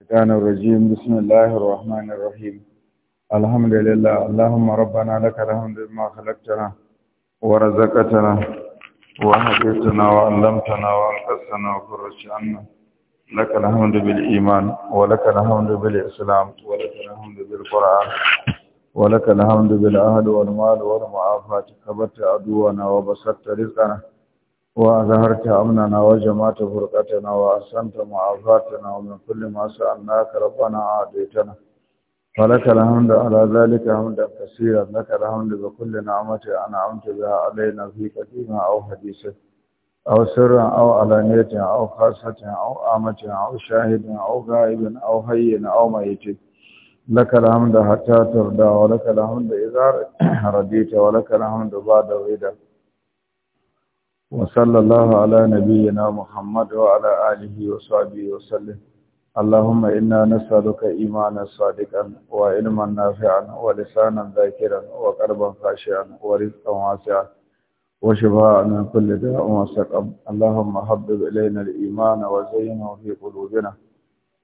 الشيطان الرجيم بسم الله الرحمن الرحيم الحمد لله اللهم ربنا لك الحمد بما خلقتنا ورزقتنا وهديتنا وعلمتنا وانقذتنا وفرجت عنا لك الحمد بالإيمان ولك الحمد بالإسلام ولك الحمد بالقرآن ولك الحمد بالأهل والمال والمعافاة كبرت عدونا وبسطت رزقنا Kuwa Azahar ta amna wajen mata furkata na wa, a santa ma a na, ma da kullum masu al'adar karɓar na a hadu da tana. A lakal hamdu a lazalika hamdu a tasira, a lakal hamdu ba kullum na ana amsa ba a laifin na zubi katinan auka bisal. A wasu sirrin awa a lanitin a auka satin, au amnati hayyin auma ya ce. Lakal hamdu a hattatun dawa, lakal hamdu ya zama da harajinta, lakal hamdu وصلى الله على نبينا محمد وعلى آله وصحبه وسلم اللهم إنا نسألك إيمانا صادقا وعلما نافعا ولسانا ذاكرا وقربا خاشعا ورزقا واسعا وشفاء من كل داء وسقم اللهم حبب إلينا الإيمان وزينه في قلوبنا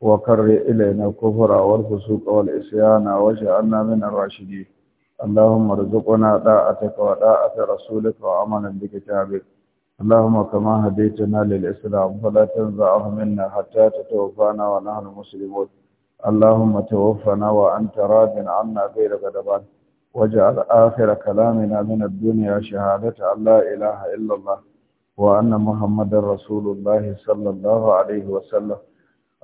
وكر إلينا الكفر والفسوق والعصيان واجعلنا من الراشدين اللهم ارزقنا طاعتك وطاعة رسولك وعملا بكتابك اللهم كما هديتنا للإسلام فلا تنزعه منا حتى تتوفانا ونحن مسلمون اللهم توفنا وأنت راض عنا غير غضبان واجعل آخر كلامنا من الدنيا شهادة أن لا إله إلا الله وأن محمد رسول الله صلى الله عليه وسلم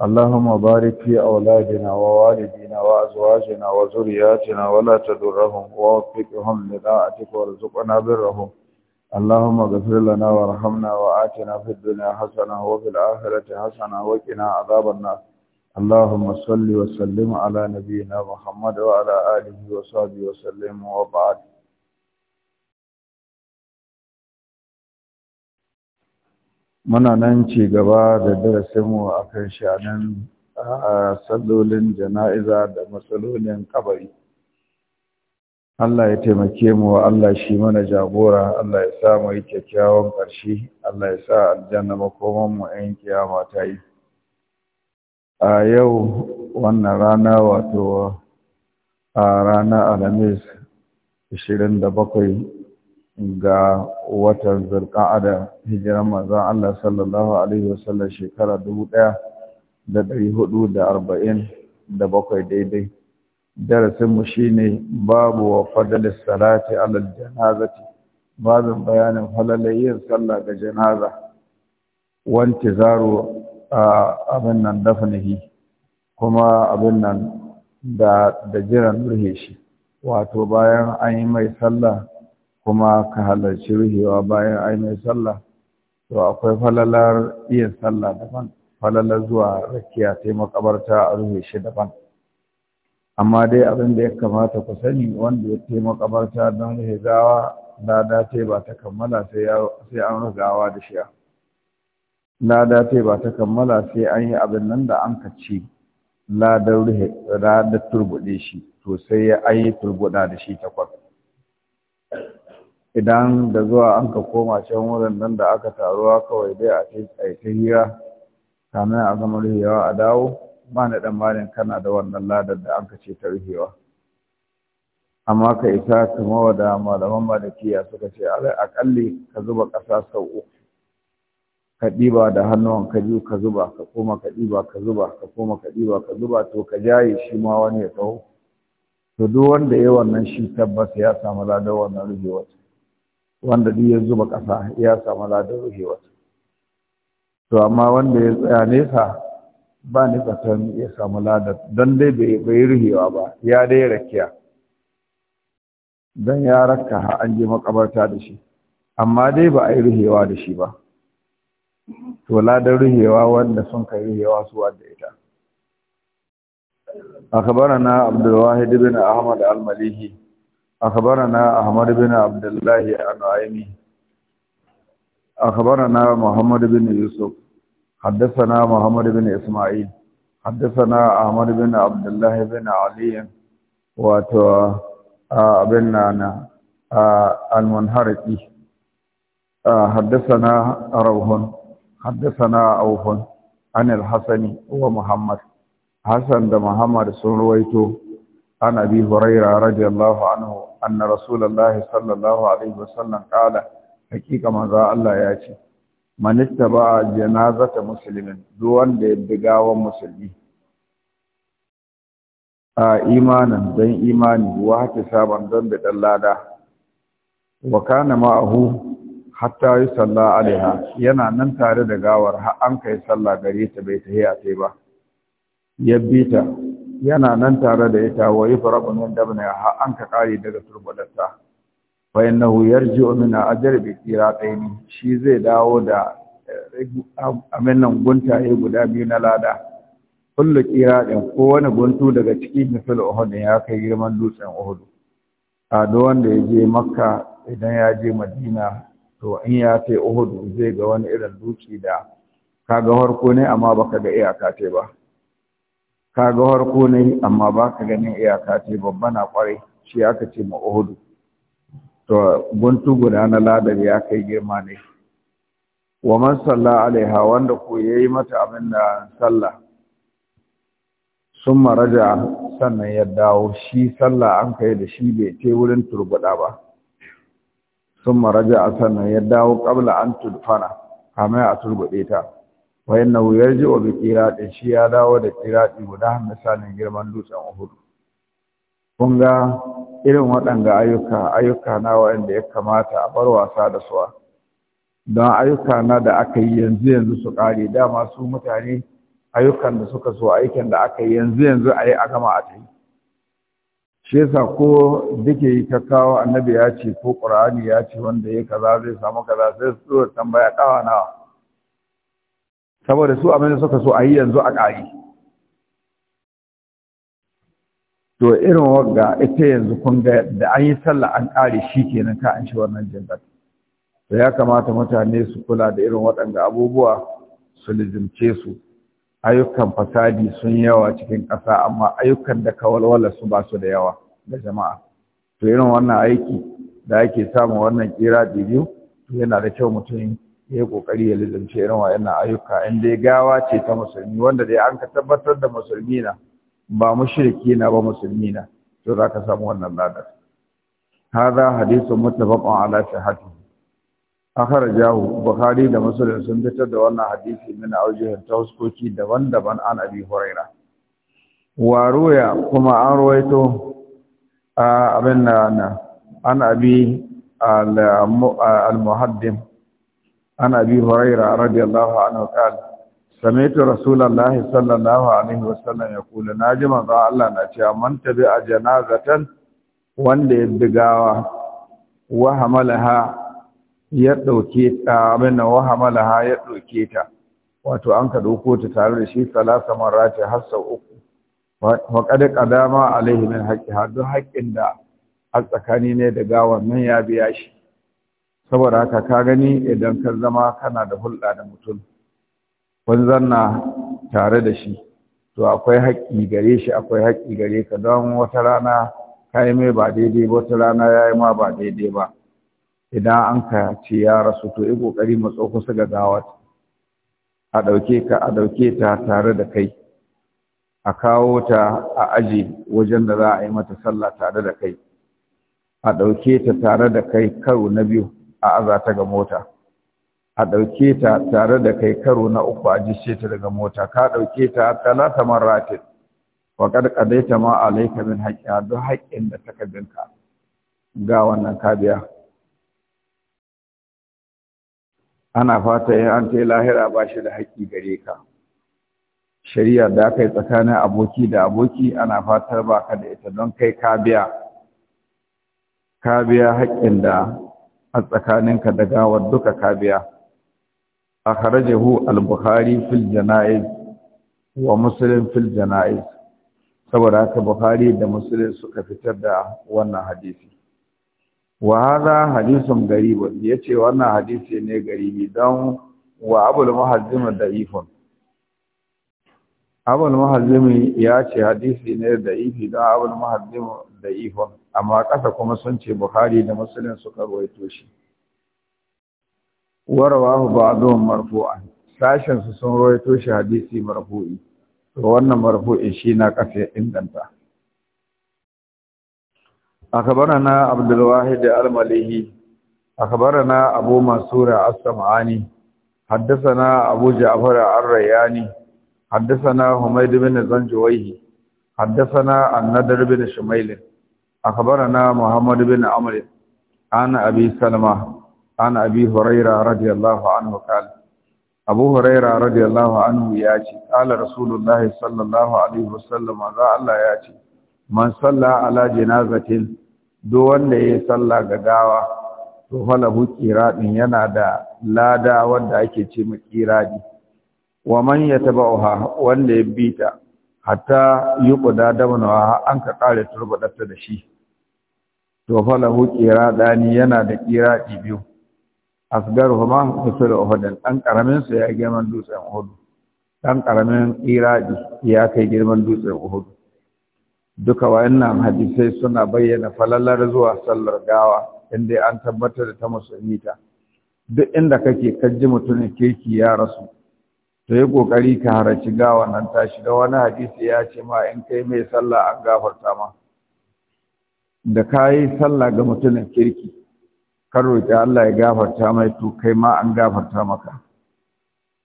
اللهم بارك في أولادنا ووالدينا وأزواجنا وذرياتنا ولا تدرهم ووفقهم لطاعتك وارزقنا برهم اللهم اغفر لنا وارحمنا وآتنا في الدنيا حسنة وفي الآخرة حسنة وقنا عذاب النار اللهم صل وسلم على نبينا محمد وعلى آله وصحبه وسلم وبعد من nan ci gaba da darasinmu a kan shanin sallolin jana'iza da matsalolin kabari Allah ya taimake mu Allah shi mana jagora Allah ya sa mu yi kyakkyawan ƙarshe Allah ya sa aljanna makoman mu ɗan kiyama ta yi a yau wannan rana wato a rana alhamis 27 ga watan zulqa'ada hijiran manzon Allah sallallahu alaihi wasallam shekara 1447 daidai darasinmu shi ne babu wa fadalis salati ala janazati babin bayanin falalar yin sallah ga janaza wanti zaro a abin nan dafnihi kuma abin nan da da jiran ruhe shi wato bayan an yi mai sallah kuma ka halarci ruhewa bayan an yi mai sallah to akwai falalar yin sallah daban falalar zuwa rakiya taimakabarta a ruhe shi daban amma dai abin da ya kamata ku sani wanda ya taimaka barta don rufe gawa lada ce ba ta kammala sai an gawa da shiya lada ce ba ta kammala sai an yi abin nan da an ka ci ladar rufe turbuɗe shi to sai ya ayi turbuɗa da shi takwas idan da zuwa an ka koma can wurin nan da aka taruwa kawai dai a ta hira kamar a zama rufewa a dawo Ba ni ɗan malin kana da wannan ladar da anka ce ta rufewa amma ka isa mawa da malaman malikiya suka ce a akalli ka zuba ƙasa sau uku ka ɗiba da hannuwan ka biyu ka zuba ka koma ka ɗiba ka zuba ka koma ka ɗiba ka zuba to ka jaye shi ma wani ya taho to duk wanda ya wannan shi tabbas ya samu ladar wannan rufewar wanda duk ya zuba ƙasa ya samu ladar rufewar to amma wanda ya tsaya nesa ba ni tsaton ya samu ladar don dai bai ruhewa ba ya dai rakiya don ya rakka ha an je makabarta da shi amma dai ba a yi ruhewa da shi ba to ladar ruhewa wanda sun kai ruhewa su wadda ita أخبرنا عبد الواحد بن أحمد المليحي أخبرنا أحمد بن عبد الله عن عيمي أخبرنا محمد بن يوسف حدثنا محمد بن إسماعيل حدثنا أحمد بن عبد الله بن علي واتو بن المنهرقي حدثنا روح حدثنا أوف عن الحسن ومحمد حسن ده محمد سن رويته عن أبي هريرة رضي الله عنه أن رسول الله صلى الله عليه وسلم قال حقيقة ما الله يأتي manista ba janazata musulmin duk wanda ya bi musulmi a imanin don imani wa hata saban don bidan lada wa kana ma'ahu hatta yi salla alaiha yana nan tare da gawar har an kai salla gare ta bai tahiya tai ba ya yana nan tare da ita wa yi farabun wanda har an ka kare daga turbudarta fa innahu yarji'u min ajr bi qiratayn shi zai dawo da eh, aminan guntaye guda biyu na lada kullu qiratin ko wani guntu daga cikin misal uhud ya kai girman dutsen uhud a wanda ya je makka idan ya je madina to in ya kai uhud zai ga wani irin dutse da kaga harko ne amma baka ga iyaka ce ba kaga harko ne amma baka ganin iyaka ce babba na kwarai shi aka ce ma uhud to guntu guda na ladar ya kai girma ne wa man salla alaiha wanda ko yayi mata abin da sallah summa raja sannan ya dawo shi sallah an kai da shi bai ce wurin turbuda ba summa raja sannan ya dawo qabla an tudfana kamar a turbude ta wa yarji wa bi qira'atin shi ya dawo da qira'ati guda misalin girman dutsen Uhud kun ga irin waɗanda ayyuka ayyuka na waɗanda ya kamata a bar wasa da suwa don ayyuka na da aka yi yanzu yanzu su ƙare dama su mutane ayyukan da suka so aikin da aka yi yanzu yanzu a yi a gama a tafi shi yasa ko duke ka kawo annabi ya ce ko ƙur'ani ya ce wanda ya kaza zai samu kaza sai su tambaya ƙawa nawa saboda su abin da suka so a yi yanzu a ƙare. to irin wagga ita yanzu kun ga da an yi sallah an ƙare shi kenan ka an shi wannan jannat to ya kamata mutane su kula da irin waɗanda abubuwa su lizimce su ayyukan fasadi sun yawa cikin ƙasa amma ayyukan da kawalwala su ba su da yawa ga jama'a to irin wannan aiki da ake samu wannan kira biyu to yana da kyau mutum ya yi ƙoƙari ya lizimce irin wa'annan ayyuka in dai gawa ce ta musulmi wanda dai an ka tabbatar da musulmi na ba mushriki na ba musulmi na to za ka samu wannan ladar hadha hadithu muttafaqun ala sihhatihi akhrajahu bukhari da muslim sun fitar da wannan hadisi min aujihin tawskoki daban-daban an abi huraira wa ruya kuma an ruwaito abin na an abi al-muhaddim an abi huraira radiyallahu anhu qala samaitu rasulullahi sallallahu alaihi wasallam ya kula na ji manzo Allah na cewa man tabi a janazatan wanda ya bigawa wa hamalaha ya dauke ta abinda wa hamalaha ya dauke ta wato an ka dauko ta tare da shi salasa marati har sau uku wa qad qadama alaihi hadu haqqin da a tsakani ne da gawan nan ya biya shi saboda haka ka gani idan ka zama kana da hulɗa da mutum kun zanna tare da shi to akwai haƙƙi gare shi akwai haƙƙi gare ka don wata rana ka yi mai ba daidai ba wata rana ya yi ma ba daidai ba idan an ka ce ya rasu to yi ƙoƙari matso kusa ga gawat a ɗauke ka a ɗauke ta tare da kai a kawo ta a aji wajen da za a yi mata sallah tare da kai a ɗauke ta tare da kai karo na biyu a aza ta ga mota a ɗauke ta tare da kai karo na uku a jishe ta daga mota ka ɗauke ta talata maratin wa ta ma alaika min haƙƙi don haƙƙin da ta ka. ga wannan kabiya ana fata yin an ta lahira ba shi da haƙƙi gare ka shari'a da aka yi tsakanin aboki da aboki ana fatar ba ka da ita don kai kabiya kabiya haƙƙin da a tsakaninka da gawar duka kabiya akhrajahu al-bukhari fil janaiz wa muslim fil janaiz saboda haka bukhari da muslim suka fitar da wannan hadisi wa hadha hadithun garib yace wannan hadisi ne garibi don wa abul muhazzim da'ifun abul ya ce hadisi ne da'ifi don abul muhazzim da'ifun amma kasa kuma sun ce bukhari da muslim suka rawaito shi Uwar rawar ba a duba marfuan, sashensu sun raito shi hadisi marfuin, daga wannan marfuin shi na kafin inganta. A kabara na Abdulwahidi Almalehi, a kabara na Abubakar Surah As-Sam'ani, haddasa na Abuja Afr arraiyani, haddasa na humay dibi ni zan An-Nadar-bini-Shumailin, a kabara na muhammadu an abi salma. an abi huraira radiyallahu anhu qala abu radiyallahu anhu ya ce qala rasulullahi sallallahu alaihi wasallam za Allah ya ce man salla ala janazatin duk wanda ya salla ga gawa to falahu qiradin yana da lada wanda ake ce mu qiradi wa man yatabauha wanda ya bi ta? Hata hatta yuqda damnaha an ka ƙara turbadatta da shi to falahu qiradani yana da qiradi biyu asgaruhuma usul uhudin dan karamin su ya girman dutsen uhud dan karamin iradi ya kai girman dutsen uhud duka wayannan hadisai suna bayyana falalar zuwa sallar gawa inda an tabbatar da ta musulmi ta duk inda kake kaji mutumin kirki ya rasu to yi kokari ka haraci gawa nan tashi da wani hadisi ya ce ma in kai mai sallah an gafarta ma da kayi sallah ga mutumin kirki ka roƙi Allah ya gafarta mai to kai ma an gafarta maka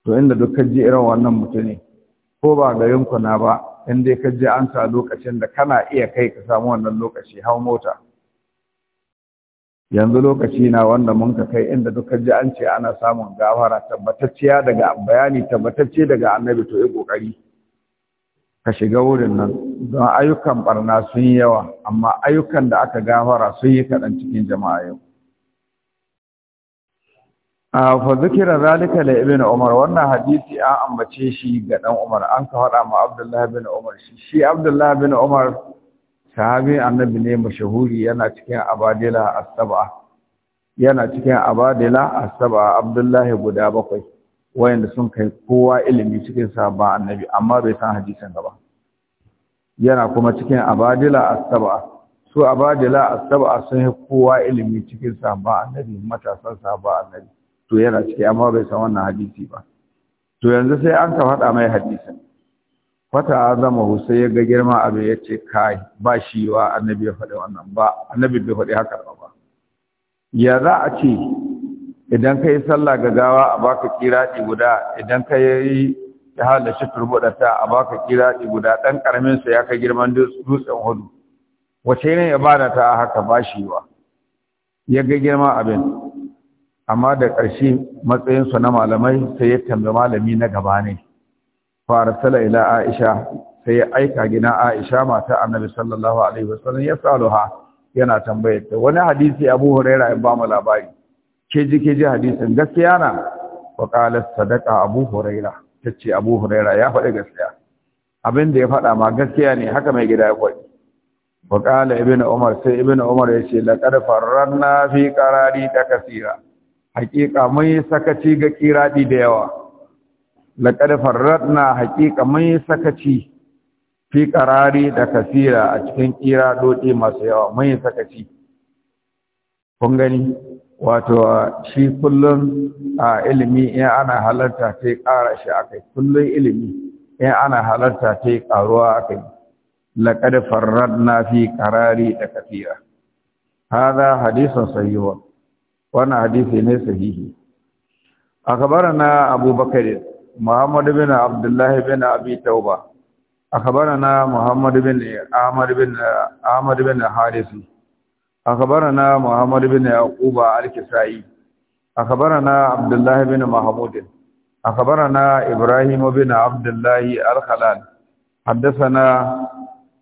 to inda duk irin wannan mutune ko ba garin ku na ba in dai kaji an sa lokacin da kana iya kai ka samu wannan lokaci hau mota yanzu lokaci na wanda mun ka kai inda duk ka an ce ana samun gafara tabbatacciya daga bayani tabbatacce daga annabi to yi kokari ka shiga wurin nan don ayyukan barna sun yawa amma ayyukan da aka gafara sun yi kaɗan cikin jama'a yau fa zikira zalika la ibn umar wannan hadisi an ambace shi ga dan umar an ka fada ma abdullahi bin umar shi shi abdullahi bin umar sahabi annabi ne mashahuri yana cikin abadila as-sab'a yana cikin abadila as-sab'a abdullahi guda bakwai wayanda sun kai kowa ilimi cikin sahabba annabi amma bai san hadisin gaba yana kuma cikin abadila as-sab'a su abadila as-sab'a sun kowa ilimi cikin sahabba annabi matasan sahabba annabi to yana ciki amma bai san wannan hadisi ba to yanzu sai an ka faɗa mai hadisin fata azama sai ya ga girma abu ya ce kai ba shi wa annabi ya faɗi wannan ba annabi bai faɗi haka ba ya za a ce idan ka yi sallah ga gawa a baka kiraɗi guda idan ka yi ya da turbuɗata a baka kiraɗi guda ɗan ƙaramin sa ya ka girman dutsen hudu wace ne ibada ta haka ba shi wa ya ga girma abin amma da ƙarshe matsayinsu na malamai sai ya tambayi malami na gaba ne sala ila aisha sai ya aika gina aisha mata annabi sallallahu alaihi wasallam ya saluha yana tambayar ta wani hadisi abu huraira in ba mu labari ke ji ke ji hadisin gaskiya na wa qala sadaqa abu huraira tace abu huraira ya faɗi gaskiya abin da ya faɗa ma gaskiya ne haka mai gida ya faɗi wa qala ibnu umar sai ibnu umar ya ce laqad farranna fi qarari takasira Haƙiƙa mun yi sakaci ga kiradi da yawa laqad farratna hakika mun yi sakaci fi qarari da kasira a cikin kiradodi masu yawa mun yi sakaci kun gani wato shi kullum a ilimi in ana halarta ta yi ƙara shi akai kullum ilimi in ana halarta ta yi ƙaruwa akai laƙad farradna fi qarari da kasira hada hadisin sahihun wannan hadisi ne sahihi akhbarana abubakar muhammad bin abdullah bin abi tauba akhbarana muhammad bin ahmad bin ahmad bin haris akhbarana muhammad bin yaquba al-kisai akhbarana abdullah bin mahmud akhbarana ibrahim bin abdullah al-khalal حدثنا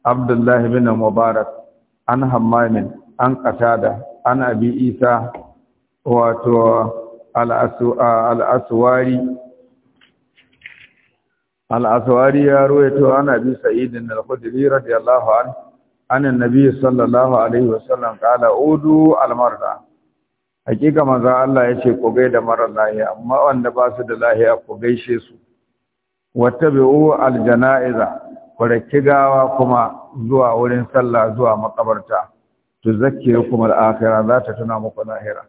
عبد الله بن مبارك عن حمام عن قتاده عن ابي wato al'aswari al'aswari ya ruwaito ana bi sa'idin al-khudri radiyallahu an anan nabi sallallahu alaihi wasallam kala udu al-marda hakika manzo Allah yace ku gaida mara lahiya amma wanda ba su da lahiya ku gaishe su wattabi'u al-janaiza ku gawa kuma zuwa wurin sallah zuwa makabarta tuzakkirukum al-akhirah za ta tuna muku lahira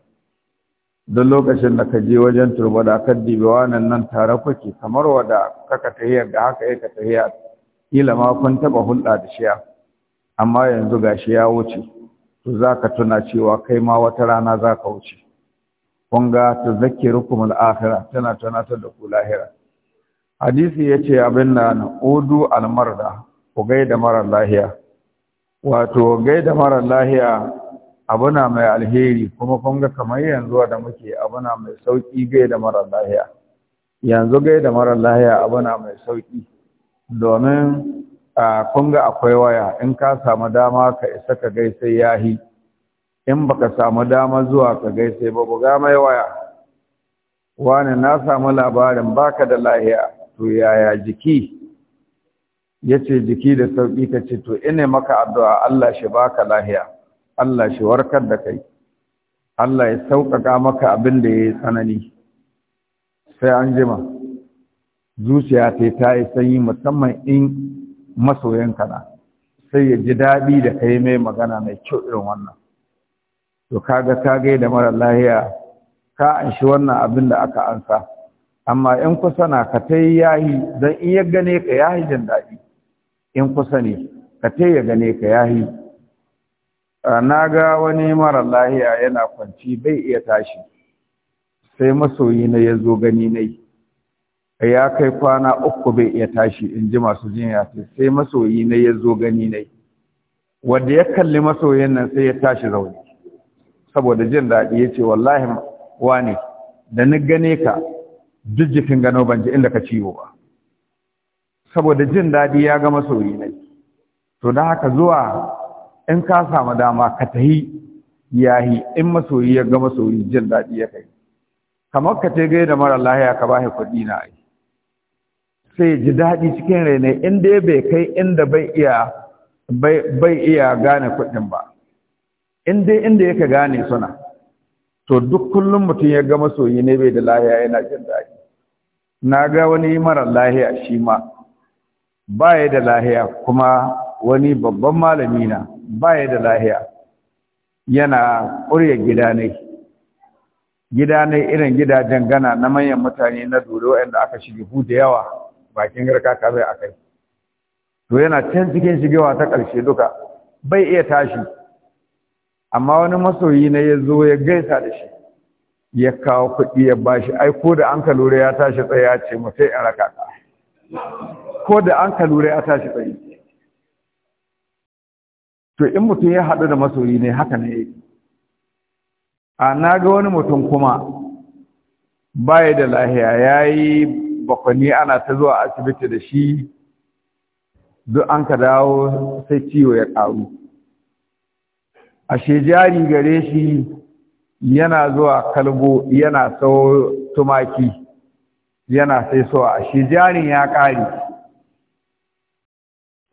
don lokacin da ka je wajen turbada kan dibe wannan nan tare kuke kamar wada kaka tahiyar da haka yake tahiyar kila ma kun taba hulɗa da shiya amma yanzu gashi ya wuce to zaka tuna cewa kai ma wata rana zaka wuce kun ga tazakkirukum al-akhirah tana tunatar da ku lahira hadisi yace abin na udu al-marda ku gaida marar lahiya wato gaida mara lahiya abuna mai alheri kuma kunga kamar yanzu da muke abuna mai sauki gai da lahiya yanzu gai da lahiya lahiya abuna mai sauki domin a kunga akwai waya in ka samu dama ka isa ka gai sai yahi in baka samu dama zuwa ka gai sai ba buga mai waya wani na samu labarin baka da lahiya to yaya jiki yace jiki da sauki ka ce to ina maka addu'a Allah shi baka lahiya Allah shi warkar da kai Allah ya sauƙaƙa maka abin da ya yi tsanani sai an jima zuciya ta ta yi sanyi musamman in masoyanka na sai ya ji daɗi da kai mai magana mai kyau irin wannan to kaga ka gai da mara lahiya ka anshi wannan abin da aka ansa amma in kusa na ka ta yi yahi don in ya gane ka yahi jin daɗi in kusa ne ka ta ya gane ka yahi Ah, na ga wani mara lahiya yana kwanci bai iya tashi sai masoyi na ya zo gani nai ya kai kwana uku bai iya tashi in ji masu jinya sai masoyi na ya zo gani nai wanda ya kalli masoyin nan sai ya tashi zaune saboda jin daɗi ya ce wallahi ne da ni gane ka duk jikin gano ban ji inda ka ciwo ba saboda jin daɗi ya ga masoyi nai to da haka zuwa in ka samu dama ka tahi yahi in masoyi ya ga masoyi jin daɗi ya kai kamar ka ce da mara lahiya ka shi kuɗi na ai sai ji daɗi cikin rai ne in dai bai kai inda bai iya bai iya gane kuɗin ba in dai inda yake gane suna to duk kullum mutum ya ga masoyi ne bai da lahiya yana jin daɗi na ga wani mara lahiya shi ma baya da lahiya kuma wani babban malami na baya da lahiya yana ƙurya gida ne gida ne irin gidajen gana na manyan mutane na dole waɗanda aka shige hu da yawa bakin garka ka bai kai. to yana can cikin shigewa ta ƙarshe duka bai iya tashi amma wani masoyi na ya zo ya gaisa da shi ya kawo kuɗi ya bashi ai ko da an ka ya tashi tsaye ya ce mu sai in raka ka ko da an ka ya tashi tsaye to in mutum ya haɗu da masoyi ne haka ne yake a na ga wani mutum kuma baya da lahiya ya yi bakwani ana ta zuwa asibiti da shi duk an ka dawo sai ciwo ya ƙaru ashe jari gare shi yana zuwa kalbo yana sau tumaki yana sai sowa ashe jarin ya ƙare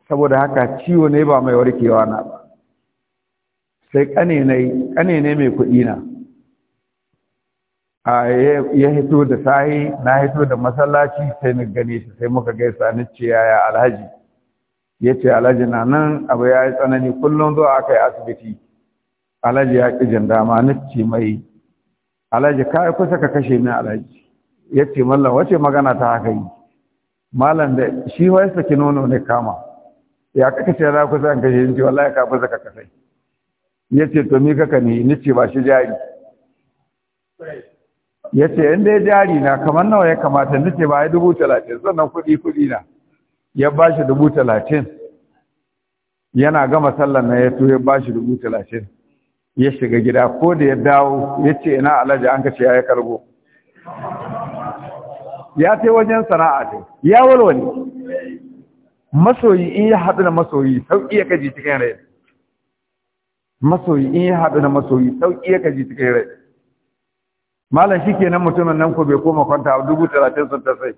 saboda haka ciwo ne ba mai warkewa na ba sai ƙane ne mai kuɗi na a ya hito da sahi na hito da masallaci sai na gane shi sai muka gaisa sani ce yaya alhaji ya ce alhaji na nan abu ya yi tsanani kullum zuwa aka yi asibiti alhaji ya ƙi jin dama na ce mai alhaji ka kusa ka kashe ni alhaji ya ce mallam wace magana ta haka yi malam da shi wai saki nono ne kama ya kaka ce za kusa an kashe ni ce wallahi ka kusa ka kasai ya ce to mi kaka ne ni ce ba shi jari ya ce in dai jari na kamar nawa ya kamata ni ce ba ya dubu talatin sannan kuɗi kuɗi na ya ba shi dubu talatin yana gama sallar na ya to ya ba shi dubu talatin ya shiga gida ko da ya dawo ya ce ina alhaji an ka ya yi karbo ya ce wajen sana'a ce ya walwale masoyi in ya haɗu da masoyi sauƙi ya kaji cikin rai masoyi in ya haɗu da masoyi sauƙi ya kaji cikin rai malam shi kenan mutumin nan ko bai koma kwanta a dubu talatin sun ta sai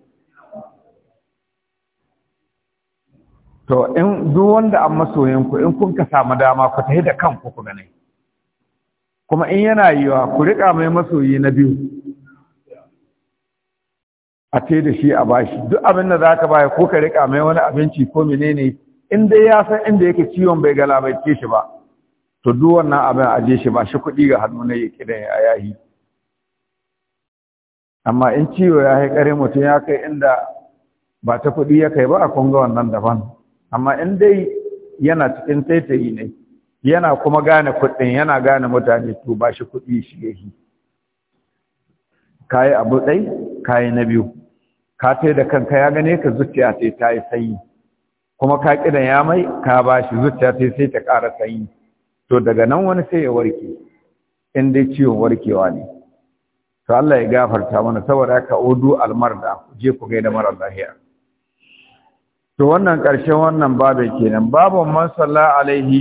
to in duk wanda an masoyin ku in kun ka samu dama ku tafi da kanku ku gane kuma in yana yiwa ku riƙa mai masoyi na biyu a ce da shi a bashi duk abin da za ka baya ko ka riƙa mai wani abinci ko menene in dai ya san inda yake ciwon bai galabaice shi ba to duk wannan abin a je shi ba shi kuɗi ga hannu na yake da ya yahi amma in ciwo ya kai kare mutum ya kai inda ba ta kuɗi ya kai ba a kunga wannan daban amma in dai yana cikin taitayi ne yana kuma gane kuɗin yana gane mutane to ba shi kuɗi shi yahi kayi abu ɗai kayi na biyu ka tai da kanka ya gane ka zuciya ta yi sanyi kuma ka kiɗan ya mai ka ba shi zuciya yi sai ta ƙara sanyi to daga nan wani sai ya warke in dai ciwon warkewa ne to Allah ya gafarta mana saboda ka udu almarda je ku da marar lahiya to wannan ƙarshen wannan babin kenan babu man salla alaihi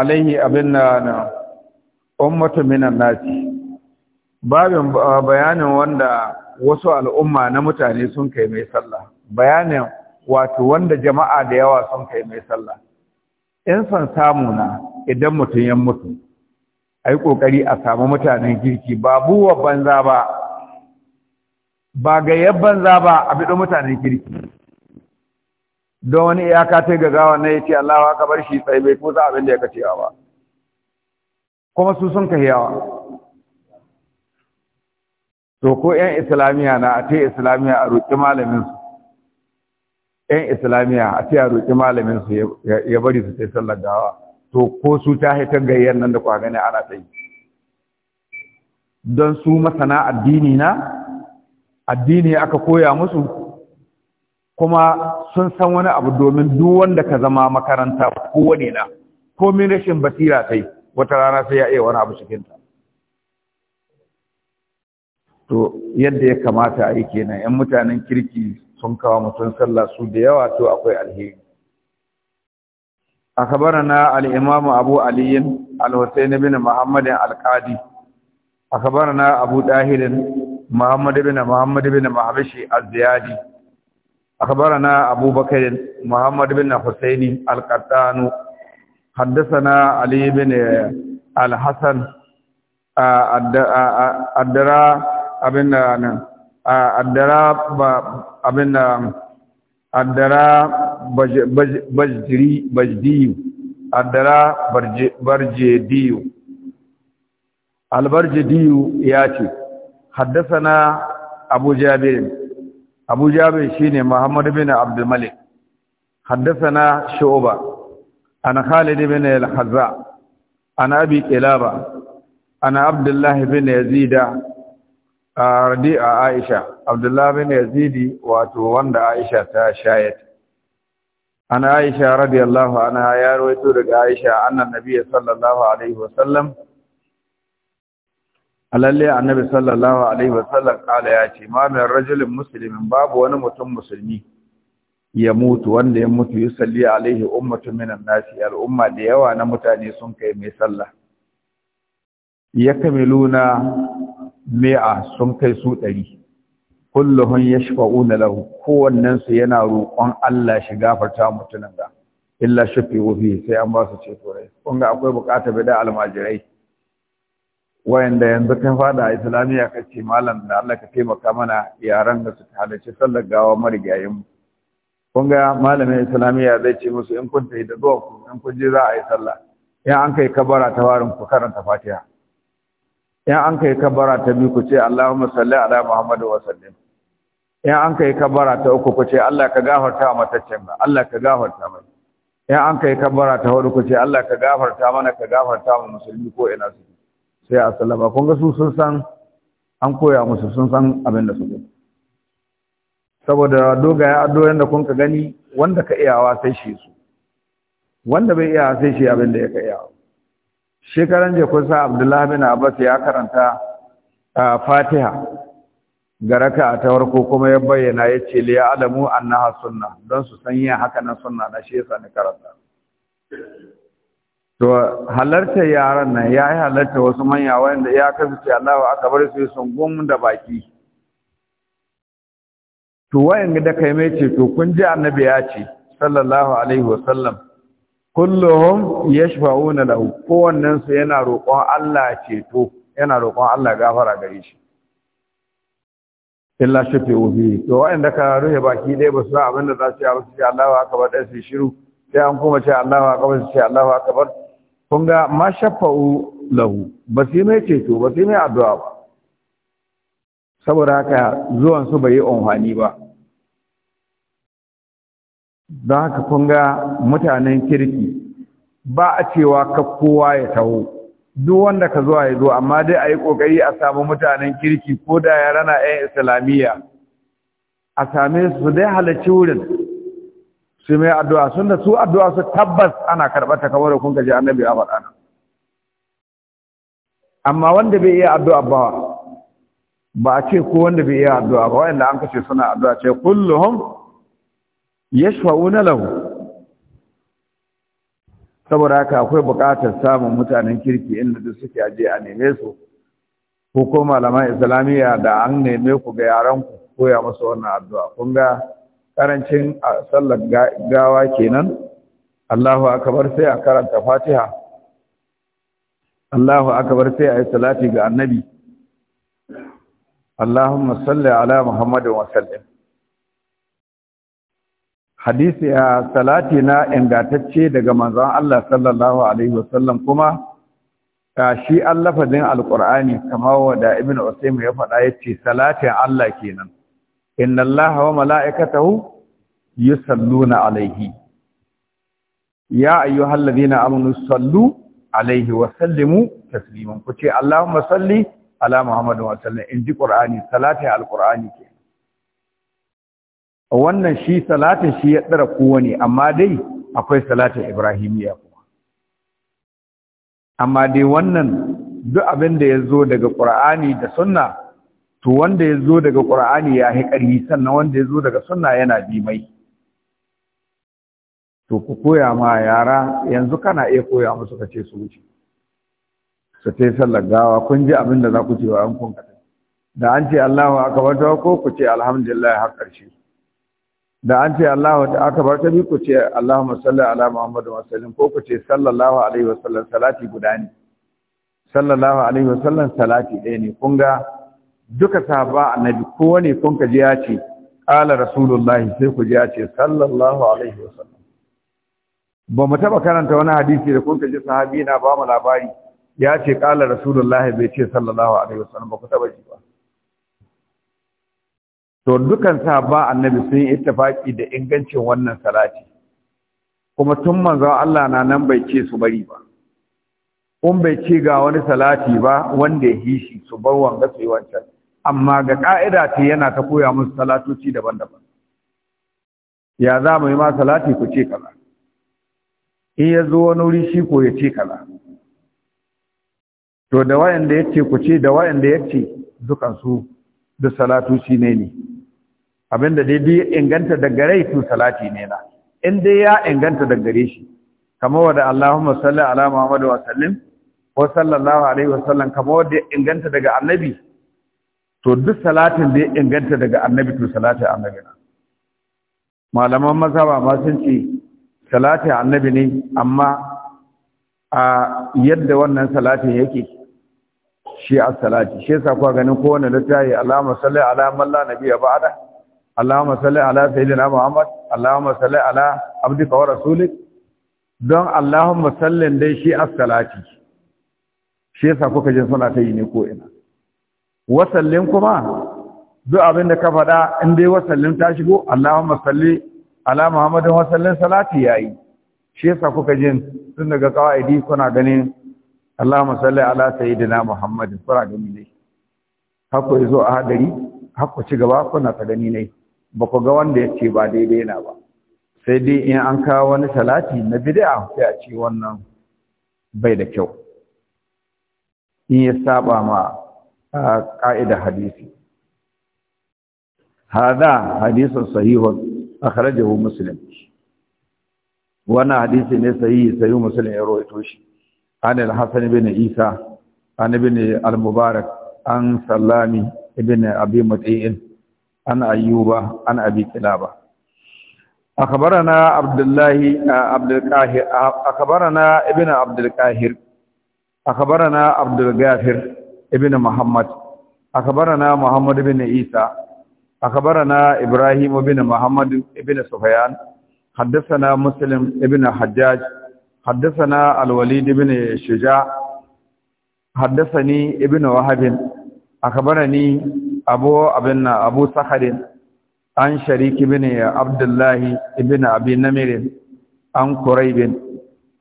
alaihi abinna na ummatu minan nasi babin bayanin wanda wasu al'umma na mutane sun kai mai sallah bayanin wato wanda jama'a da yawa sun kai mai sallah Yan san samu na idan mutum ya mutu a yi ƙoƙari a samu mutanen kirki ba buwa banza ba ba gayyar banza ba a biɗin mutanen kirki don wani iyaka ta gagawa na ya ce Allah ka bar shi tsaye bai kusa abin da ya kacewa ba kuma su sun kahiyawa to ko 'yan islamiyya na a ce islamiyya a roƙi malaminsu 'yan islamiyya a ta roƙi malamin su ya bari su sai sallar dawa to ko su ta haifar gayyar nan da kwa gani ana tsayi don su masana addini na addini aka koya musu kuma sun san wani abu domin duk wanda ka zama makaranta ko wani na Ko min rashin basira sai wata rana sai ya iya wani abu cikinta to yadda ya kamata a yi kenan 'yan mutanen kirki sun kawo mutum sallah su da yawa to akwai alheri a kabarana al’imam abu aliyin al’usaini bin muhammadin alƙadi a kabarana abu ɗahirin muhammadin bin muhammadin bin mahabashi al-ziyadi a kabarana abu bakarin muhammadin bin husaini al-ƙattanu haddasana aliyu bin al-hassan uh, uh, a abin da uh, addara ba abin da addara bajdiyu addara barjediyu albarjediyu ya ce haddasana abu jabir abu jabir ne muhammad bin abdul malik haddasana shu'ba an khalid bin al-hazza an abi kilaba an Abdullahi bin yazida ardi a Aisha Abdullah bin Yazidi wato wanda Aisha ta shayar ana Aisha radiyallahu anha ya rawaito daga Aisha annan nabi sallallahu alaihi wasallam alalle annabi sallallahu alaihi wasallam kala ya ce ma min rajulin muslimin babu wani mutum musulmi ya mutu wanda ya mutu ya salli alaihi ummatun minan nasi al'umma da yawa na mutane sun kai mai sallah yakamiluna mi'a sun kai su ɗari kulluhun yashfa'una lahu kowannen su yana roƙon Allah shi gafarta mutunan da illa shafi'u fi sai an ba su ceto rai kun ga akwai bukata bida almajirai wayanda yanzu kan fada a islamiyya ka ce malam da Allah ka taimaka mana yaran da su halarci sallar gawa marigayen mu kun ga malamin islamiyya zai ce musu in kun tafi da zuwa ku in kun je za a yi sallah in an kai kabara ta warin ku karanta fatiha in an kai kabara ta biyu ku ce Allahumma salli ala Muhammad wa sallim in an kai kabara ta uku ku ce Allah ka gafarta wa mataccen ba Allah ka gafarta mai in an kai kabara ta hudu ku ce Allah ka gafarta mana ka gafarta wa musulmi ko ina su sai a sallama kun ga su sun san an koya musu sun san abin da suke saboda dogayen addu'o'in da kun ka gani wanda ka iyawa sai shi su wanda bai iyawa sai shi abin da ya ka iyawa shekaran je kusa abdullahi bin abbas ya karanta fatiha ga raka ta farko kuma ya bayyana ya ce liya alamu annaha sunna don su san yin haka na sunna na shi yasa ni karanta to halarta yaran nan ya yi halarta wasu manya wanda ya kasance Allahu akbar su sun gum da baki to wayan da kai mai ce to kun ji annabi ya ce sallallahu alaihi wasallam kulluhum yashfa'una lahu kowannen su yana roƙon Allah ceto yana roƙon Allah gafara gare shi illa shafe ubi to wa'anda ka ruhe baki dai ba su san abin da za su yi ba su ce Allahu akbar dai su shiru sai an kuma ce Allahu akbar su ce Allahu akbar kun ga ma shafa'u lahu ba su yi mai ceto ba su yi mai addu'a ba saboda haka zuwan su bai yi unhani ba don haka kun ga mutanen kirki ba a cewa ka kowa ya taho duk wanda ka zuwa ya zo amma dai a yi ƙoƙari a samu mutanen kirki ko da ya rana 'yan islamiyya a same su dai halarci wurin su mai addu'a sun da su addu'a su tabbas ana karɓar ta kamar kun gaji annabi a faɗa amma wanda bai iya addu'a ba ba a ce ko wanda bai iya addu'a ba wanda an kace suna addu'a ce kulluhum yashfa'una lahu saboda haka akwai buƙatar samun mutanen kirki inda duk suke aje a neme su ko ko malaman islamiyya da an neme ku ga yaran ku koya musu wannan addu'a kun ga karancin sallar gawa kenan Allahu akbar sai a karanta Fatiha Allahu akbar sai a yi salati ga Annabi Allahumma salli ala Muhammad wa sallim hadisi a salati na ingatacce daga manzon Allah sallallahu alaihi wasallam kuma shi an lafazin alqur'ani kamar wanda ibn usaym ya faɗa yace salatin Allah kenan inna Allah wa mala'ikatahu yusalluna alaihi ya ladina amanu sallu alaihi wa sallimu tasliman kuce Allahumma salli ala Muhammadin wa sallam in ji Qur'ani salati al kenan wannan shi salatin shi ya tsara kowane amma dai akwai salatin ibrahimiyya kuma amma dai wannan duk abin da ya zo daga ƙur'ani da sunna to wanda ya zo daga ƙur'ani ya yi ƙarfi sannan wanda ya zo daga sunna yana bi mai to ku koya ma yara yanzu kana iya koya musu ka ce su wuce su ta sallar gawa kun ji abin da za ku ce wa an kun da an ce Allahu akbar ko ku ce alhamdulillah har karshe. da an ce Allahu bar ta bi ku ce Allahumma salli ala Muhammad wa sallim ko ku ce sallallahu alaihi wa sallam salati guda ne sallallahu alaihi wa sallam salati ɗaya ne kun ga duka sahaba annabi wani kun ka ji ya ce qala rasulullahi sai ku ji ya ce sallallahu alaihi wa sallam ba mu taba karanta wani hadisi da kun ka ji sahabi na ba mu labari ya ce qala rasulullahi bai ce sallallahu alaihi wa sallam ba ku taba ji ba to dukan ba annabi sun yi tafaki da ingancin wannan salati kuma tun manzo Allah na nan bai ce su bari ba kun bai ce ga wani salati ba wanda ya yi shi su bar wanga su yi wancan amma ga ka'ida ce yana ta koya musu salatoci daban-daban ya za mu yi ma salati ku ce kaza in ya zo wani wuri shi ko ya ce kaza to da wayanda ya ce ku ce da wayanda ya ce dukansu duk salatoci ne ne abinda dai dai inganta da gare to salati ne na in dai ya inganta da gare shi kamar wanda Allahumma salli ala Muhammad wa sallim ko sallallahu alaihi wa sallam kamar wanda inganta daga annabi to duk salatin da inganta daga annabi salati a annabi na malaman mazhaba ma sun ce a annabi ne amma a yadda wannan salatin yake shi as-salati shi yasa kuwa ganin kowanne littafi Allahumma salli ala man la nabiyya ba'da Allahumma salli ala sayyidina Muhammad Allahumma salli ala abdika wa rasulik don Allahumma sallin dai shi as-salati shi yasa kuka jin suna ta yi ne ko ina sallin kuma duk abin da ka faɗa in dai sallin ta shigo Allahumma salli ala Muhammadin sallin salati yayi shi yasa kuka jin tun daga qawaidi kuna ganin Allahumma salli ala sayyidina Muhammadin kuna gani ne hakko yazo a hadari hakko ci gaba kuna ta gani ne ba ku ga wanda ya ce ba daidai na ba sai dai in an kawo wani salati na bid'a sai a ce wannan bai da kyau in ya saba ma ka'ida hadisi hada hadisun sahihun akhrajahu muslim wannan hadisi ne sahihi sahihu muslim ya rawaito shi an al-hasan ibn isa an ibn al-mubarak an sallami ibn abi mut'in an ayyuba an abi kilaba أخبرنا عبد الله عبد القاهر أخبرنا ابن عبد القاهر أخبرنا عبد الغافر ابن محمد أخبرنا محمد بن عيسى أخبرنا إبراهيم بن محمد بن سفيان حدثنا مسلم بن حجاج حدثنا الوليد بن شجاع حدثني ابن وهب أخبرني abu abin na abu saharin an shariki bin abdullahi ibn abi namir an quraib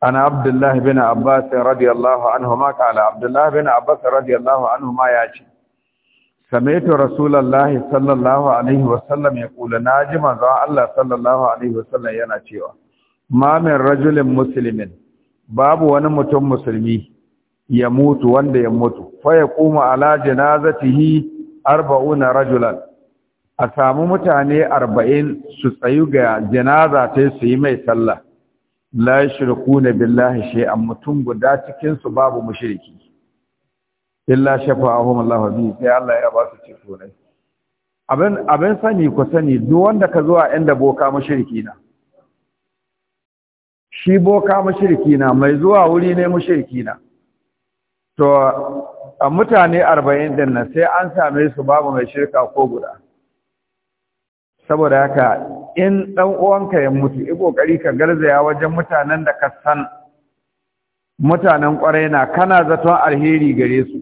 Ana abdullahi bin abbas radiyallahu anhuma qala abdullahi bin abbas radiyallahu anhuma ya ce سمعت رسول الله صلى الله عليه وسلم يقول ناجم ذا الله صلى الله yana cewa ma min rajulin muslimin babu wani mutum musulmi ya mutu wanda ya mutu fa ya kuma ala janazatihi arba'una rajulan a samu mutane arba'in su tsayu ga janaza ta su yi mai sallah la yushrikuna billahi a mutum guda cikin su babu mushriki illa shafa'ahum Allah bi sai Allah ya ba su ceto ne abin abin sani ku sani duk wanda ka zuwa inda boka mushriki na shi boka mushriki na mai zuwa wuri ne mushriki na to a mutane arba'in din nan sai an same su babu mai shirka ko guda saboda haka in ɗan uwanka ya mutu i ƙoƙari ka garzaya wajen mutanen da ka san mutanen ƙwarai na kana zaton alheri gare su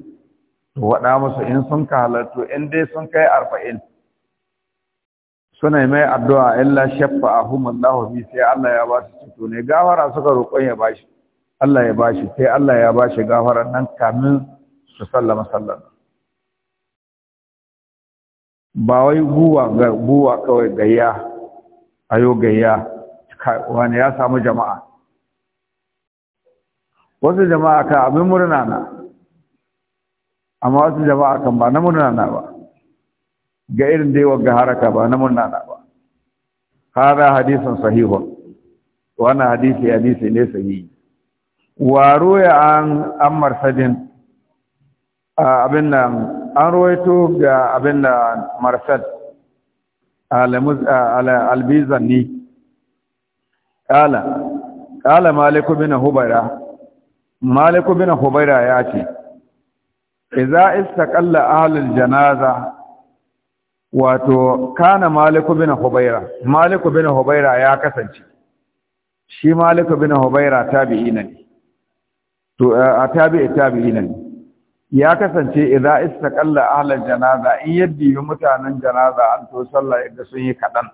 to waɗa musu in sun ka halartu in dai sun kai arba'in suna mai addu'a illa shaffa a humallahu bi sai Allah ya ba su cito ne gafara suka roƙon ya bashi Allah ya bashi sai Allah ya bashi gafaran nan kamin su sallama sallan ba wai guwa ga guwa kawai gayya ayo gayya wani ya samu jama'a wasu jama'a ka abin murna na amma wasu jama'a kan ba na murna na ba ga irin da yawan ga haraka ba na murna na ba hada hadisin sahihun wannan hadisi hadisi ne sahihi waro ya an an marsadin abin da an ruwaito ga abin da Albizan ni. ƙala ƙala maliku bin hubaira maliku bin hubaira ya ce iza ƙalla ahalin janaza wato kana maliku bin hubaira maliku bin hubaira ya kasance shi maliku bin hubaira tabi'ina ne to a tabi'i tabi'ina ne ya kasance idza istaqalla ahli janaza in yaddi mutanen janaza an to sallah idan sun yi kadan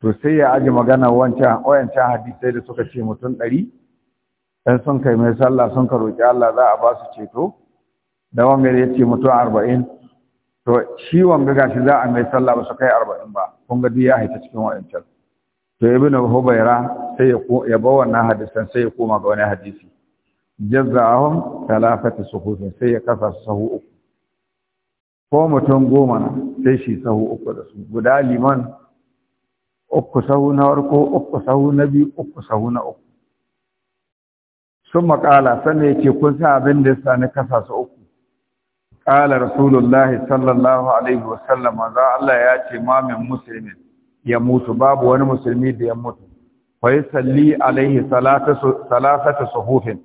to sai ya aji magana wancan wayancan hadisai da suka ce mutum ɗari dan sun kai mai sallah sun ka roki Allah za a ba su ceto da wanga ya ce mutun arba'in to shi wanga gashi za a mai sallah ba su kai arba'in ba kun ga ya haita cikin wayancan to ibnu hubaira sai ya ya ba wannan hadisan sai ya koma ga wani hadisi jazza'ahum talafata suhufin sai ya kafa sahu uku ko mutum goma na sai shi sahu uku da su guda liman uku sahu na farko uku sahu na biyu uku sahu na uku sun makala sanne yake kun sa abin da yasa ne kafa su uku qala rasulullahi sallallahu alaihi wa sallam za Allah ya ce ma min muslimin ya mutu babu wani musulmi da ya mutu fa yusalli alaihi salatu salatu suhufin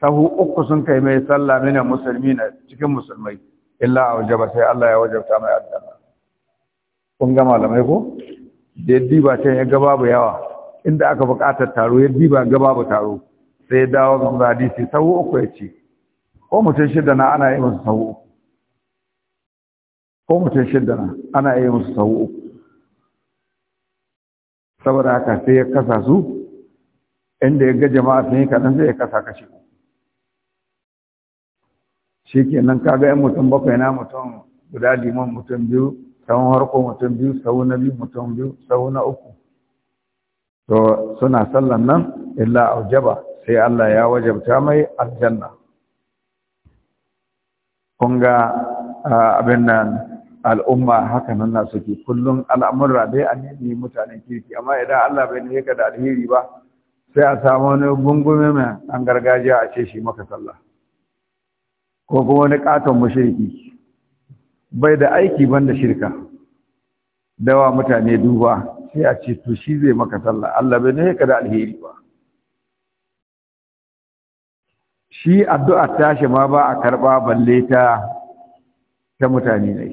sahu uku sun kai mai sallah mina musulmi na cikin musulmai illa a wajaba sai Allah ya wajabta mai aljanna kun ga malamai ko da ya diba can ya ga babu yawa inda aka buƙatar taro ya diba ga babu taro sai ya dawo ga hadisi sahu uku ya ce ko mutum shidda na ana yi musu sahu uku ko mutum shidda na ana yi musu sahu uku saboda haka sai ya kasa su inda ya ga jama'a sun yi kaɗan sai ya kasa kashi uku shi ke kenan kaga yan mutum bakwai na mutum guda liman mutum biyu sahun harko mutum biyu sau na biyu mutum biyu sau na uku to suna sallan nan illa aujaba sai Allah ya wajabta mai aljanna kun ga abin nan al'umma haka nan na suke kullum al'amurra dai a nemi mutanen kirki amma idan Allah bai ne ka da alheri ba sai a samu wani gungume mai an gargajiya a ce shi maka sallah ko kuma wani katon mashirki bai da aiki ban da shirka dawa mutane duba sai a ce to shi zai maka sallah Allah bai nuna da alheri ba shi addu'a tashi ma ba a karba balle ta ta mutane ne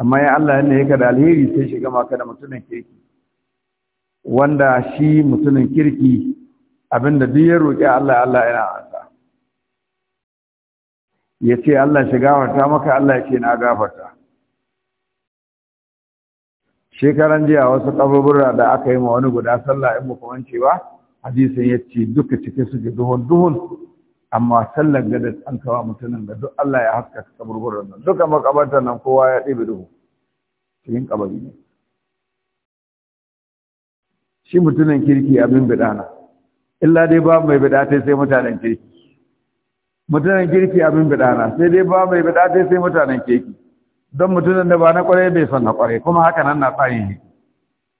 amma ya Allah ne ka da alheri sai shiga maka da mutumin kirki wanda shi mutumin kirki abinda duk ya roƙi Allah Allah yana ya ce Allah shi gafarta maka Allah ya ce na gafarta shekaran jiya wasu kaburbura da aka yi ma wani guda sallah in muku wance ba hadisin ya ce duka cike suke duhun duhun amma sallar gada an kawo mutumin da duk Allah ya haskaka kaburburan nan duka makabartar nan kowa ya ɗebe duhu cikin ƙabari ne shi mutumin kirki abin bidana illa dai babu mai bidata sai mutanen kirki mutanen kirki abin bidana sai dai ba mai bida dai sai mutanen kirki don mutumin da ba na kwarai bai son na kwarai kuma haka nan na tsayin ne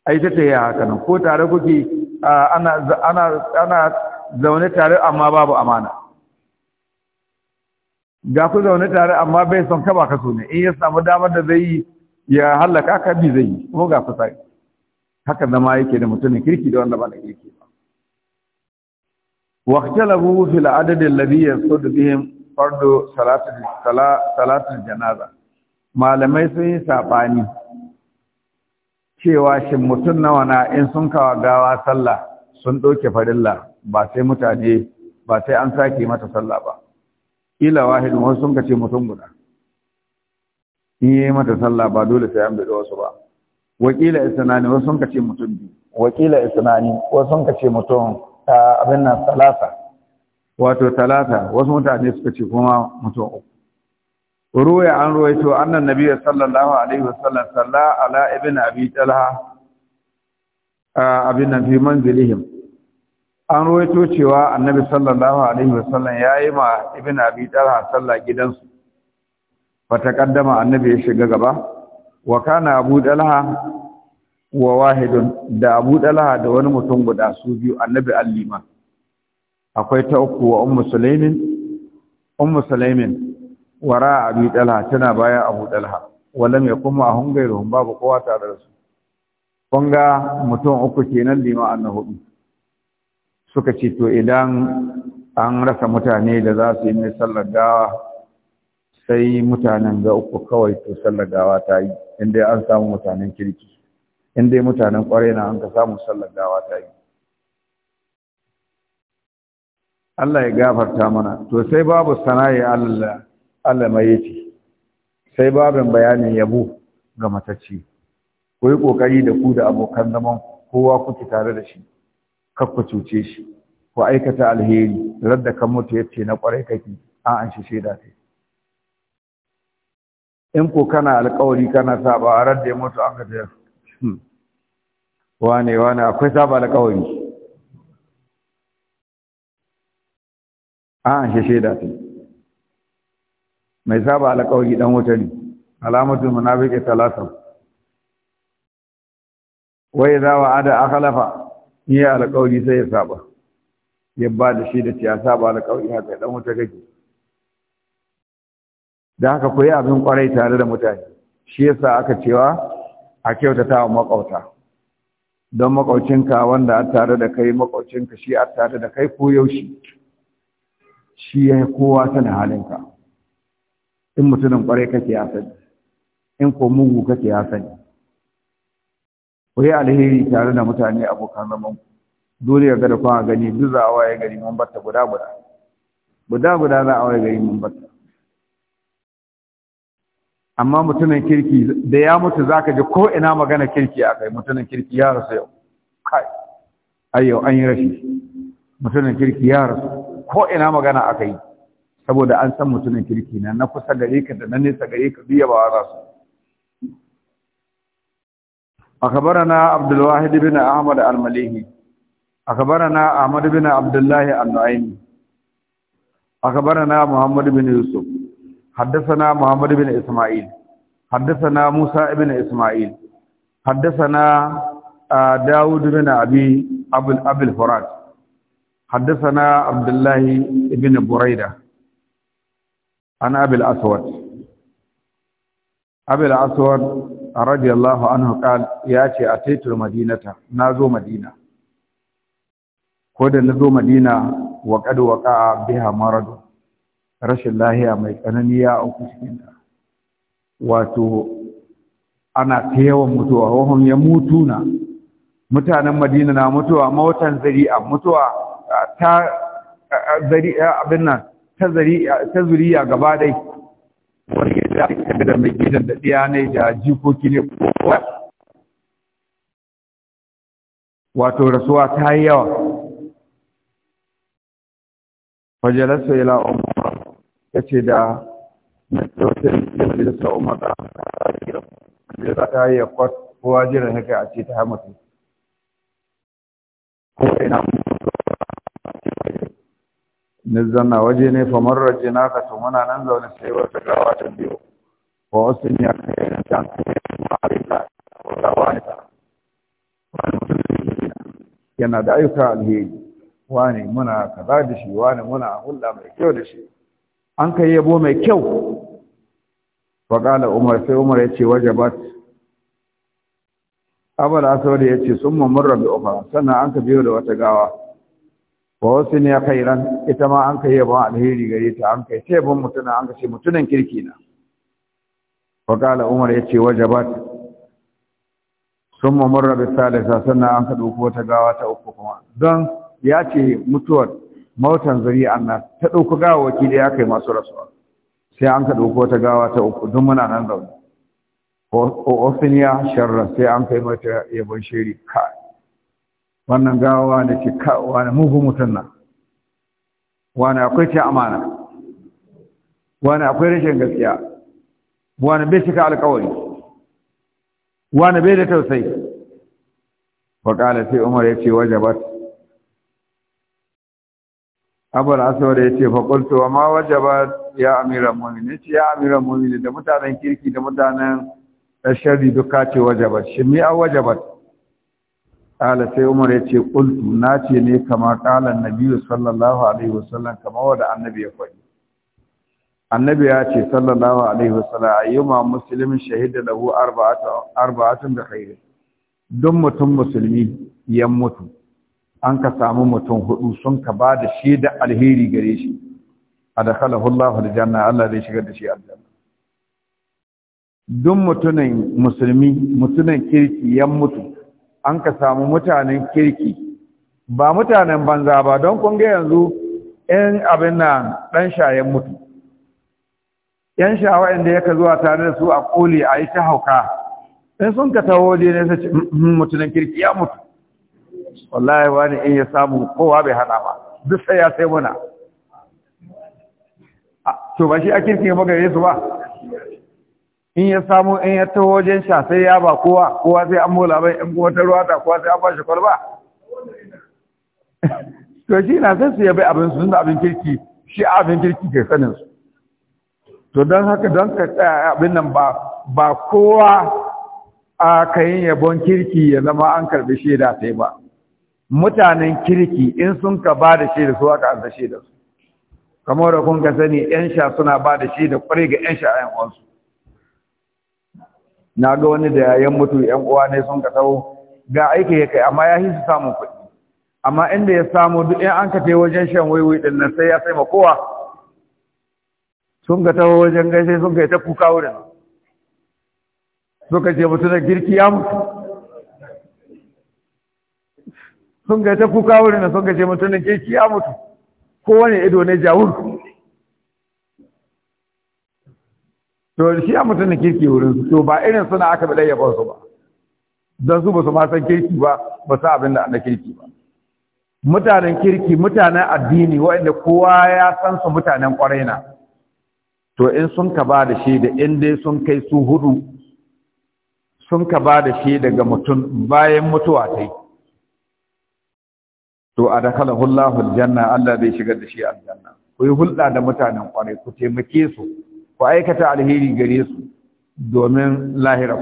ai ta tayi haka nan ko tare kuke ana ana ana zaune tare amma babu amana ga ku zaune tare amma bai son ka ba ka so ne in ya samu damar da zai yi ya hallaka ka bi zai yi kuma ga ku sai haka zama yake da mutumin kirki da wanda ba na kirki واختلفوا في العدد الذي يصد بهم فرض صلاة صلاة الجنازة malamai sun yi saɓani cewa shin mutum nawa na in sun kawa gawa sallah sun ɗauke farilla ba sai mutane ba sai an sake mata sallah ba ila wahid mun sun kace mutum guda in yi mata sallah ba dole sai an bi wasu ba wakila isnani wasu sun kace mutum biyu wakila isnani wasu sun kace mutum abin nan talata wato talata wasu mutane suka ce kuma mutum uku ruwaya an ruwaito annan nabiyyu sallallahu alaihi wasallam salla ala ibn abi talha abin nan fi manzilihim an ruwaito cewa annabi sallallahu alaihi wasallam yayi ma ibn abi talha salla gidansu fa taqaddama annabi ya shiga gaba wa kana abu talha wa wahidun da abu dalaha da wani mutum guda su biyu annabi allima akwai ta uku wa ummu sulaimin ummu sulaimin wara abi dalaha tana bayan abu dalaha walam yakun ma hun gairuhum babu kowa tare da su Kunga mutum uku kenan lima annahu suka ce to idan an rasa mutane da za su yi mai sallar gawa sai mutanen ga uku kawai to sallar gawa ta yi inda an samu mutanen kirki in dai mutanen kwarai na an ka samu sallar gawa ta yi Allah ya gafarta mana to sai babu sana'i Allah Allah mai yace sai babin bayanin yabo ga matacci ku yi kokari da ku da abokan zaman kowa kuke tare da shi Kar ku cuce shi ku aikata alheri radda kan mutu yace na kwarai kake an an shi shaida ta. in ko kana alƙawari kana sa radda ya mutu an ka ta wane wane akwai saba alƙawari an shi da su. mai saba alƙawari dan wuta ne alamatul munafiqi talata wai za wa ada halafa iya alƙawari sai ya saba ya ba da shi da ce ya saba alƙawari haka dan wuta gaji da haka koyi abin kwarai tare da mutane shi yasa aka cewa a kyautata wa makauta don makaucinka wanda a tare da kai makaucinka shi a tare da kai ko yaushe shi ya kowa sanin halinka in mutumin kwarai kake ya sani in ko mugu kake ya sani ku yi alheri tare da mutane abokan zaman dole ya ga da gani duk za a waye gari mun batta guda guda guda guda za a waye gari mun batta amma mutumin kirki da ya mutu za ka ji ko ina magana kirki a kai mutumin kirki ya rasu yau kai ayyau an yi rashi mutumin kirki ya rasu ko ina magana a kai saboda an san mutumin kirki na na kusa gare ka da na nesa gare ka biya ba za su أخبرنا عبد الواحد بن أحمد المليهي أخبرنا Abdullahi al عبد A النعيمي na Muhammadu bin Yusuf. حدثنا محمد بن إسماعيل حدثنا موسى بن إسماعيل حدثنا داود بن أبي أبو أبي الفرات حدثنا عبد الله بن بريدة عن أبي الأسود أبي الأسود رضي الله عنه قال ياتي أتيت المدينة نازو مدينة ko da na zo madina wa kad waka biha marad rashin lahiya mai tsanani ya auku cikinta wato ana ta yawan mutuwa wahum ya mutuna mutanen madina na mutuwa mawatan zari'a mutuwa ta zari'a abin nan ta zari'a ta zuriya gaba dai wani ya da da mai gidan da ɗiya ne da jikoki ne kowa wato rasuwa ta yi yawa fajalarsa ila umar ya ce da mutum ya majalisa umar da za ta yi ya kwat kowa jiran haka a ce ta hamatu Kuma ina zanna waje ne famar raje na ka muna nan zaune sai wata gawa ta biyu wa wasu ya kai na can ma'arika wata wani ta yana da ayyuka alheri wani muna kaza da shi wani muna hulɗa mai kyau da shi an kai yabo mai kyau faƙala umar sai umar ya ce wajabat abal aswad ya ce sun mamurra bi ukhra sannan an ka biyo da wata gawa wa wasu ne ya ran ita ma an ka yabo alheri gare ta an kai sai ban mutuna an ka ce mutunan kirki na faƙala umar ya ce wajabat sun mamurra bi salisa sannan an ka ɗauko wata gawa ta uku kuma don ya ce mutuwar mautan zuri'an nan ta dauko gawa wakili ya kai masu rasuwa sai an ka dauko ta gawa ta uku duk muna nan zaune ofiniya sharra sai an kai mata yabon shiri ka wannan gawa da ce ka wani mugun mutum na wani akwai ce amana wani akwai rashin gaskiya wani bai cika alkawari wani bai da tausayi faƙala sai umar ya ce wajabat abul asawar ya ce fa wa ma wajaba ya amiral mu'minin ce ya amiral mu'minin da mutanen kirki da mutanen shari duka ce wajabat shi mi a wajabat qala sai umar ya ce qultu na ce ne kamar na biyu sallallahu alaihi wasallam kamar wadda annabi ya faɗi annabi ya ce sallallahu alaihi wasallam ayyuma musulmin shahida lahu arba'atun arba'atun da khair Don mutum musulmi ya mutu an ka samu mutum hudu sun ka ba da shi da alheri gare shi A da adakhalahu Allahu janna Allah zai shigar da shi aljanna duk mutunan musulmi mutunan kirki yan mutu an ka samu mutanen kirki ba mutanen banza ba don kun ga yanzu 'yan abin nan ɗan shayen mutu ‘yan shawa da yaka zuwa tare da su a ƙoli a yi ta hauka sai sun ka tawo ne sai mutunan kirki ya mutu wallahi wani in ya samu kowa bai hada ba duk sai ya sai muna to ba shi a cikin magare su ba in ya samu in ya taho wajen sha sai ya ba kowa kowa sai an mola bai in kuma ta ruwa ta kowa sai an ba shi kwalba to shi na sai su yabai abin su da abin kirki shi abin kirki ke sanin su to don haka don ka tsaya abin nan ba ba kowa a kayin yabon kirki ya zama an karbi shaida sai ba mutanen kirki in sun ka ba da da su aka an da su kamar da kun ka sani yan sha suna ba da da kwarai ga yan sha ayan uwansu na ga wani da yayan mutu yan uwa ne sun ka tau ga aiki ya kai amma ya yi su samun kuɗi amma inda ya samu duk in an ka tai wajen shan waiwai din nan sai ya sai ma kowa sun ka tau wajen gaishe sun ka ta kuka wurin suka ce mutu na girki ya mutu sun ga ta kuka wurin sun ga ce mutumin kirki ya mutu Ko wani ido ne jawur to shi ya mutumin kirki wurin su to ba irin suna aka bi ɗayyaba su ba don su ba su ma san kirki ba ba sa abin da na kirki ba mutanen kirki mutanen addini waɗanda kowa ya san su mutanen ƙwarai na to in sun ka ba da shi da in dai sun kai su hudu sun ka ba da shi daga mutum bayan mutuwa ta yi to a dakalahu Allahu aljanna Allah zai shigar da shi aljanna ku yi hulɗa da mutanen kwarai ku taimake su ku aikata alheri gare su domin lahirar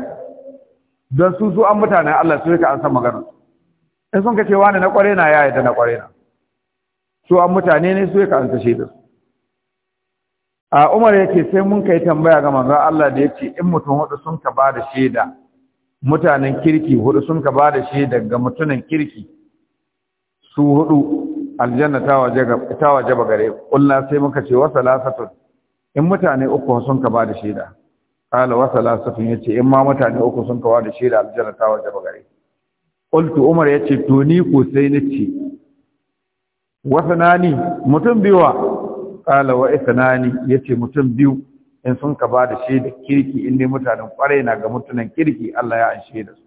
don su su an mutanen Allah su yake an san magana in sun kace wani na kwarai na ya da na kwarai na su an mutane ne su yake an tashe da su a Umar yake sai mun kai tambaya ga manzon Allah da yake in mutum hudu sun ka ba da shaida mutanen kirki hudu sun ka ba da shaida ga mutunan kirki su hudu aljanna ta waje ta waje ba gare kullu sai muka ce wa salasatun in mutane uku sun ka bada shaida qala wa salasatun yace in ma mutane uku sun ka bada shaida aljanna ta waje ba gare qultu umar yace to ni ko sai ce wa sanani mutum biwa qala wa isnani yace mutum biyu in sun ka bada shaida kirki in ne mutanen kware na ga mutunan kirki Allah ya anshe da su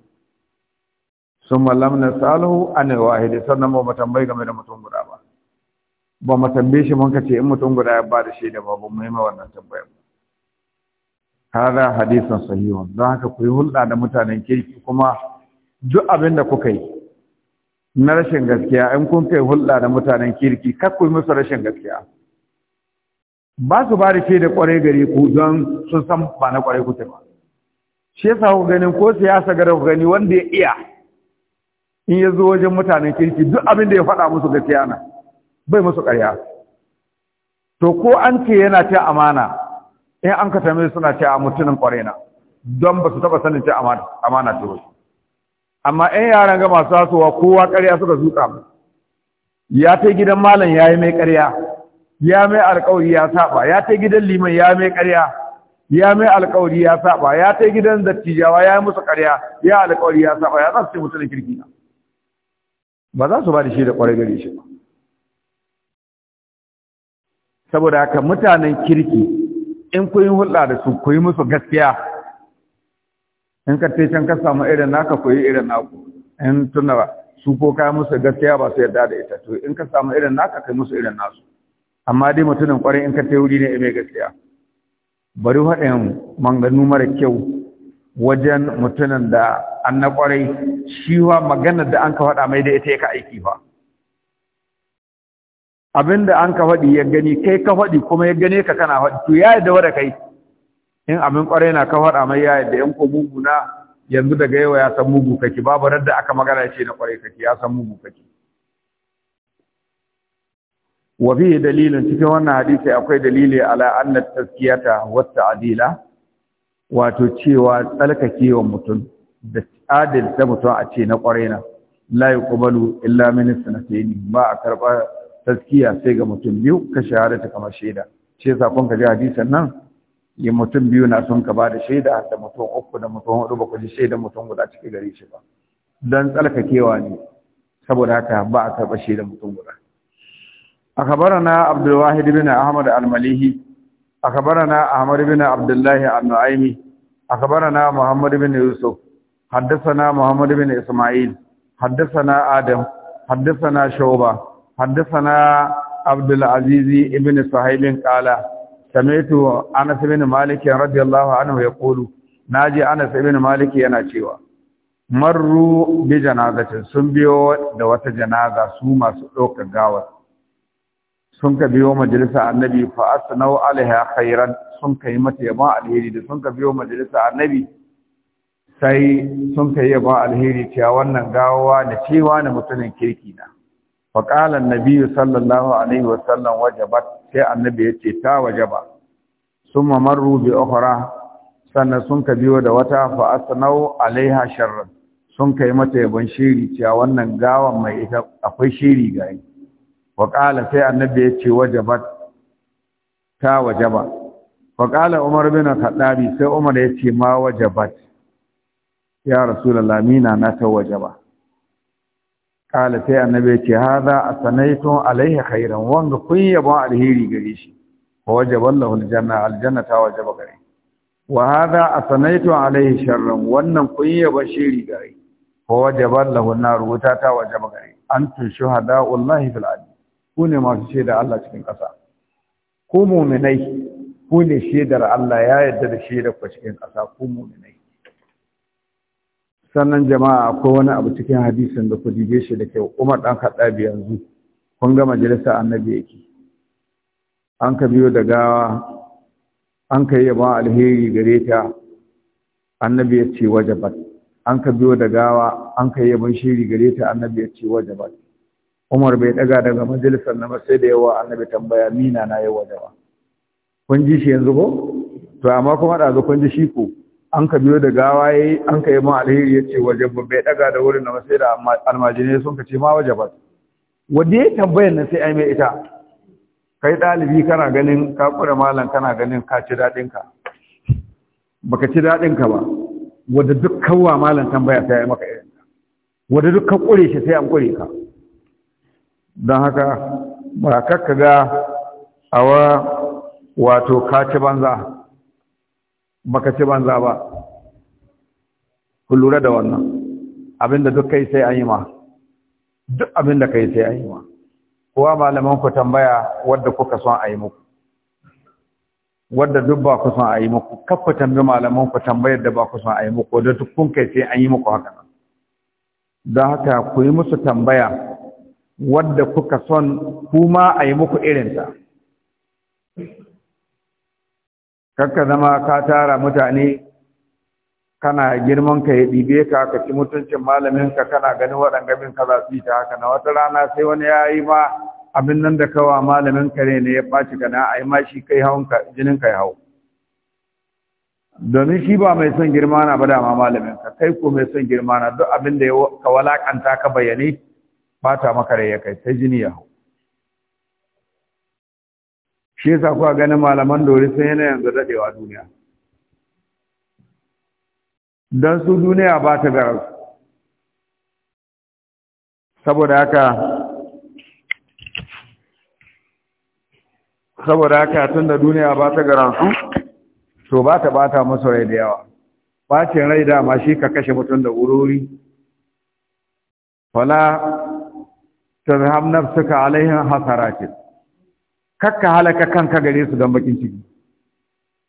sun malam na salahu an wahidi sannan ba mu tambayi game da mutum guda ba ba mu tambaye shi mun kace in mutum guda ya bada shi da babu mu yi wannan tambayar hada hadisan sahihun don haka ku yi hulɗa da mutanen kirki kuma duk abin da kuka yi na rashin gaskiya in kun kai hulɗa da mutanen kirki kar ku yi musu rashin gaskiya ba su ba da da kwarai gare ku don sun san ba na kwarai kuke ba shi yasa ku ganin ko siyasa gare ku gani wanda ya iya in ya zo wajen mutanen kirki duk abin da ya faɗa musu ga tiyana bai musu ƙarya to ko an ce yana ce amana in an ka tambaye suna ce a mutumin ƙwarena don ba su taɓa sanin ce amana ta wasu amma in yaran ga masu tasowa kowa ƙarya suka zuƙa mu ya ta gidan malam ya yi mai ƙarya ya mai alƙawari ya saɓa. ya ta gidan liman ya mai ƙarya ya mai alƙawari ya saɓa. ya ta gidan dattijawa ya yi musu ƙarya ya alƙawari ya saɓa. ya za su ce mutumin kirki na ba za su ba da shi da ƙwarai gare shi ba saboda haka mutanen kirki in ku yi hulɗa da su ku yi musu gaskiya in ka te can ka samu irin naka ku yi irin naku in tuna ba su ko ka musu gaskiya ba su yarda da ita to in ka samu irin naka kai musu irin nasu amma dai mutumin kwarai in ka te wuri ne mai gaskiya bari haɗin manganu mara kyau wajen mutumin da an na kwarai shi wa maganar da an ka faɗa mai da ita ya ka aiki ba abin da an ka faɗi ya gani kai ka faɗi kuma ya gane ka kana faɗi to ya yadda wadda kai in abin kwarai na ka faɗa mai ya yadda yan mugu na yanzu daga yawa ya san mugu kake babu radda aka magana ce na kwarai kake ya san mugu kake wa fihi dalilin cikin wannan hadisi akwai dalili ala anna tazkiyata wa ta'dila wato cewa tsalkakewa mutum da adalta mutum a ce na ƙwarai na la illa illa na sanatayn ba a karba taskiya sai ga mutum biyu ka ta kamar shaida shi yasa ka ji hadisan nan yi mutum biyu na son ka ba da shaida da mutum uku da mutum hudu ba ku ji shaida mutum guda ciki gare shi ba don tsalkakewa ne saboda haka ba a karɓar shaida mutum guda a kabarana abdulwahid bin ahmad almalihi أخبرنا أحمد بن عبد الله النعيمي أخبرنا محمد بن يوسف حدثنا محمد بن إسماعيل حدثنا آدم حدثنا شعبة حدثنا عبد العزيز بن صهيب قال سمعت أنس بن مالك رضي الله عنه يقول ناجي أنس بن مالك yana cewa marru bi janazatin sun biyo da wata janaza su masu ɗaukar gawar sun ka biyo majalisa annabi fa asnau alaiha khairan sun kai mata yaba alheri da sun ka biyo majalisa annabi sai sun kai yaba alheri cewa wannan gawawa da cewa na mutumin kirki na fa qala annabi sallallahu alaihi wasallam wajabat sai annabi yace ta wajaba summa marru bi ukhra sannan sun ka biyo da wata fa asnau alaiha sharran sun kai mata yabon shiri cewa wannan gawan mai ita akwai shiri ga Waƙala sai annabi ya ce wajabat ta wajaba wa qala umar bin khattabi sai umar ya ce ma wajabat ya rasulullah mina na ta wajaba qala sai annabi ya ce hadha asanaitu Alayhi khairan wanga kun yaba alheri gare shi wa wajaba lahu aljanna aljanna ta wajaba gare wa hadha asanaitu Alayhi sharran wannan kun yaba shiri gare wa wajabar lahun na rubuta ta waje magari an tushe hada'ullahi fil'adi ku ne masu shaidar Allah cikin ƙasa ku muminai ku ne shaidar Allah ya yarda da shaidar ku cikin ƙasa ku muminai sannan jama'a akwai wani abu cikin hadisin da ku dige shi da kyau Umar dan Khattabi yanzu kun ga majalisa annabi yake an ka biyo da gawa an ka yi ba alheri gare ta annabi ya ce wajabat an ka biyo da gawa an ka yi ban shiri gare ta annabi ya ce wajabat Umar bai daga daga majalisar na sai da yawa annabi tambaya mina na yawa ba. kun ji shi yanzu ko to amma kuma da zo kun ji shi ko an ka biyo da gawa an ka yi ma alheri waje ba bai daga da wurin na sai da almajine sun ka ce ma waje ba. wanda ya tambayar na sai ai mai ita kai ɗalibi kana ganin ka kura malam kana ganin ka ci dadin ka baka ci daɗinka ka ba wanda duk kawwa malam tambaya sai ai maka irin wanda duk ka kure shi sai an kure ka don haka ba kakka ga awa wato kaci banza baka ci banza ba ku lura da wannan abinda duk kai sai an yi ma duk abinda kai sai an yi ma kowa malaman ku tambaya wadda kuka son a yi muku wadda duk ba ku son a yi muku kafa tambi malaman ku tambayar da ba ku son a yi muku wadda duk kun kai sai an yi muku haka don haka ku yi musu tambaya wadda kuka son kuma a yi muku irinta kakka zama ka tara mutane kana girman ka ya ɗibe ka ka ci mutuncin malaminka kana ganin waɗanda bin ka za su yi ta haka na wata rana sai wani ya yi ma abin nan da kawa malaminka ne ne ya ɓaci ka na a yi ma shi kai hau jinin ka hau domin shi ba mai son girma na ba dama malaminka kai ko mai son girma na duk abin da ka kawalakanta ka bayyane bata maka rai ya kai sai jini ya hau shi yasa kuwa ganin malaman dori sun yana yanzu daɗewa duniya don su duniya ba ta da saboda haka saboda haka tun da duniya ba ta su to ba ta bata musu rai da yawa bacin rai dama shi ka kashe mutum da wurori wala tazhab nafsuka alaihim hasaratin kakka halaka kanka gare su don bakin ciki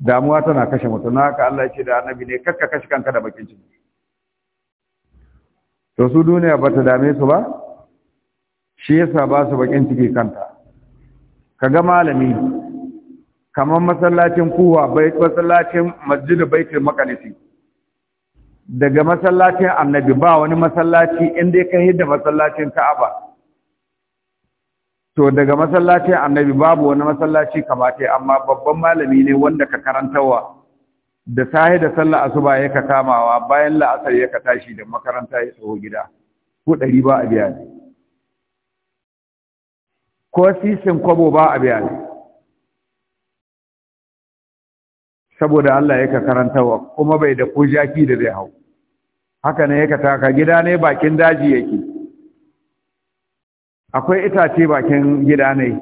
damuwa tana kashe mutum na ka Allah ce da annabi ne kakka kashe kanka da bakin ciki to su duniya ba ta dame su ba shi yasa ba su bakin ciki kanta kaga malami kamar masallacin kuwa bai masallacin masjidu baitul maqdisi daga masallacin annabi ba wani masallaci inda ka hidda masallacin ka'aba to daga masallacin annabi babu wani masallaci kamata amma babban malami ne wanda ka karantawa da sahi da sallah asuba ya ka kamawa bayan la'asar ya ka tashi da makaranta ya tsoho gida ko ɗari ba a biya ne ko sisin kwabo ba a biya ne saboda Allah ya ka karantawa kuma bai da ko jaki da zai hau haka ne ya ka taka gida ne bakin daji yake akwai itace bakin gida ne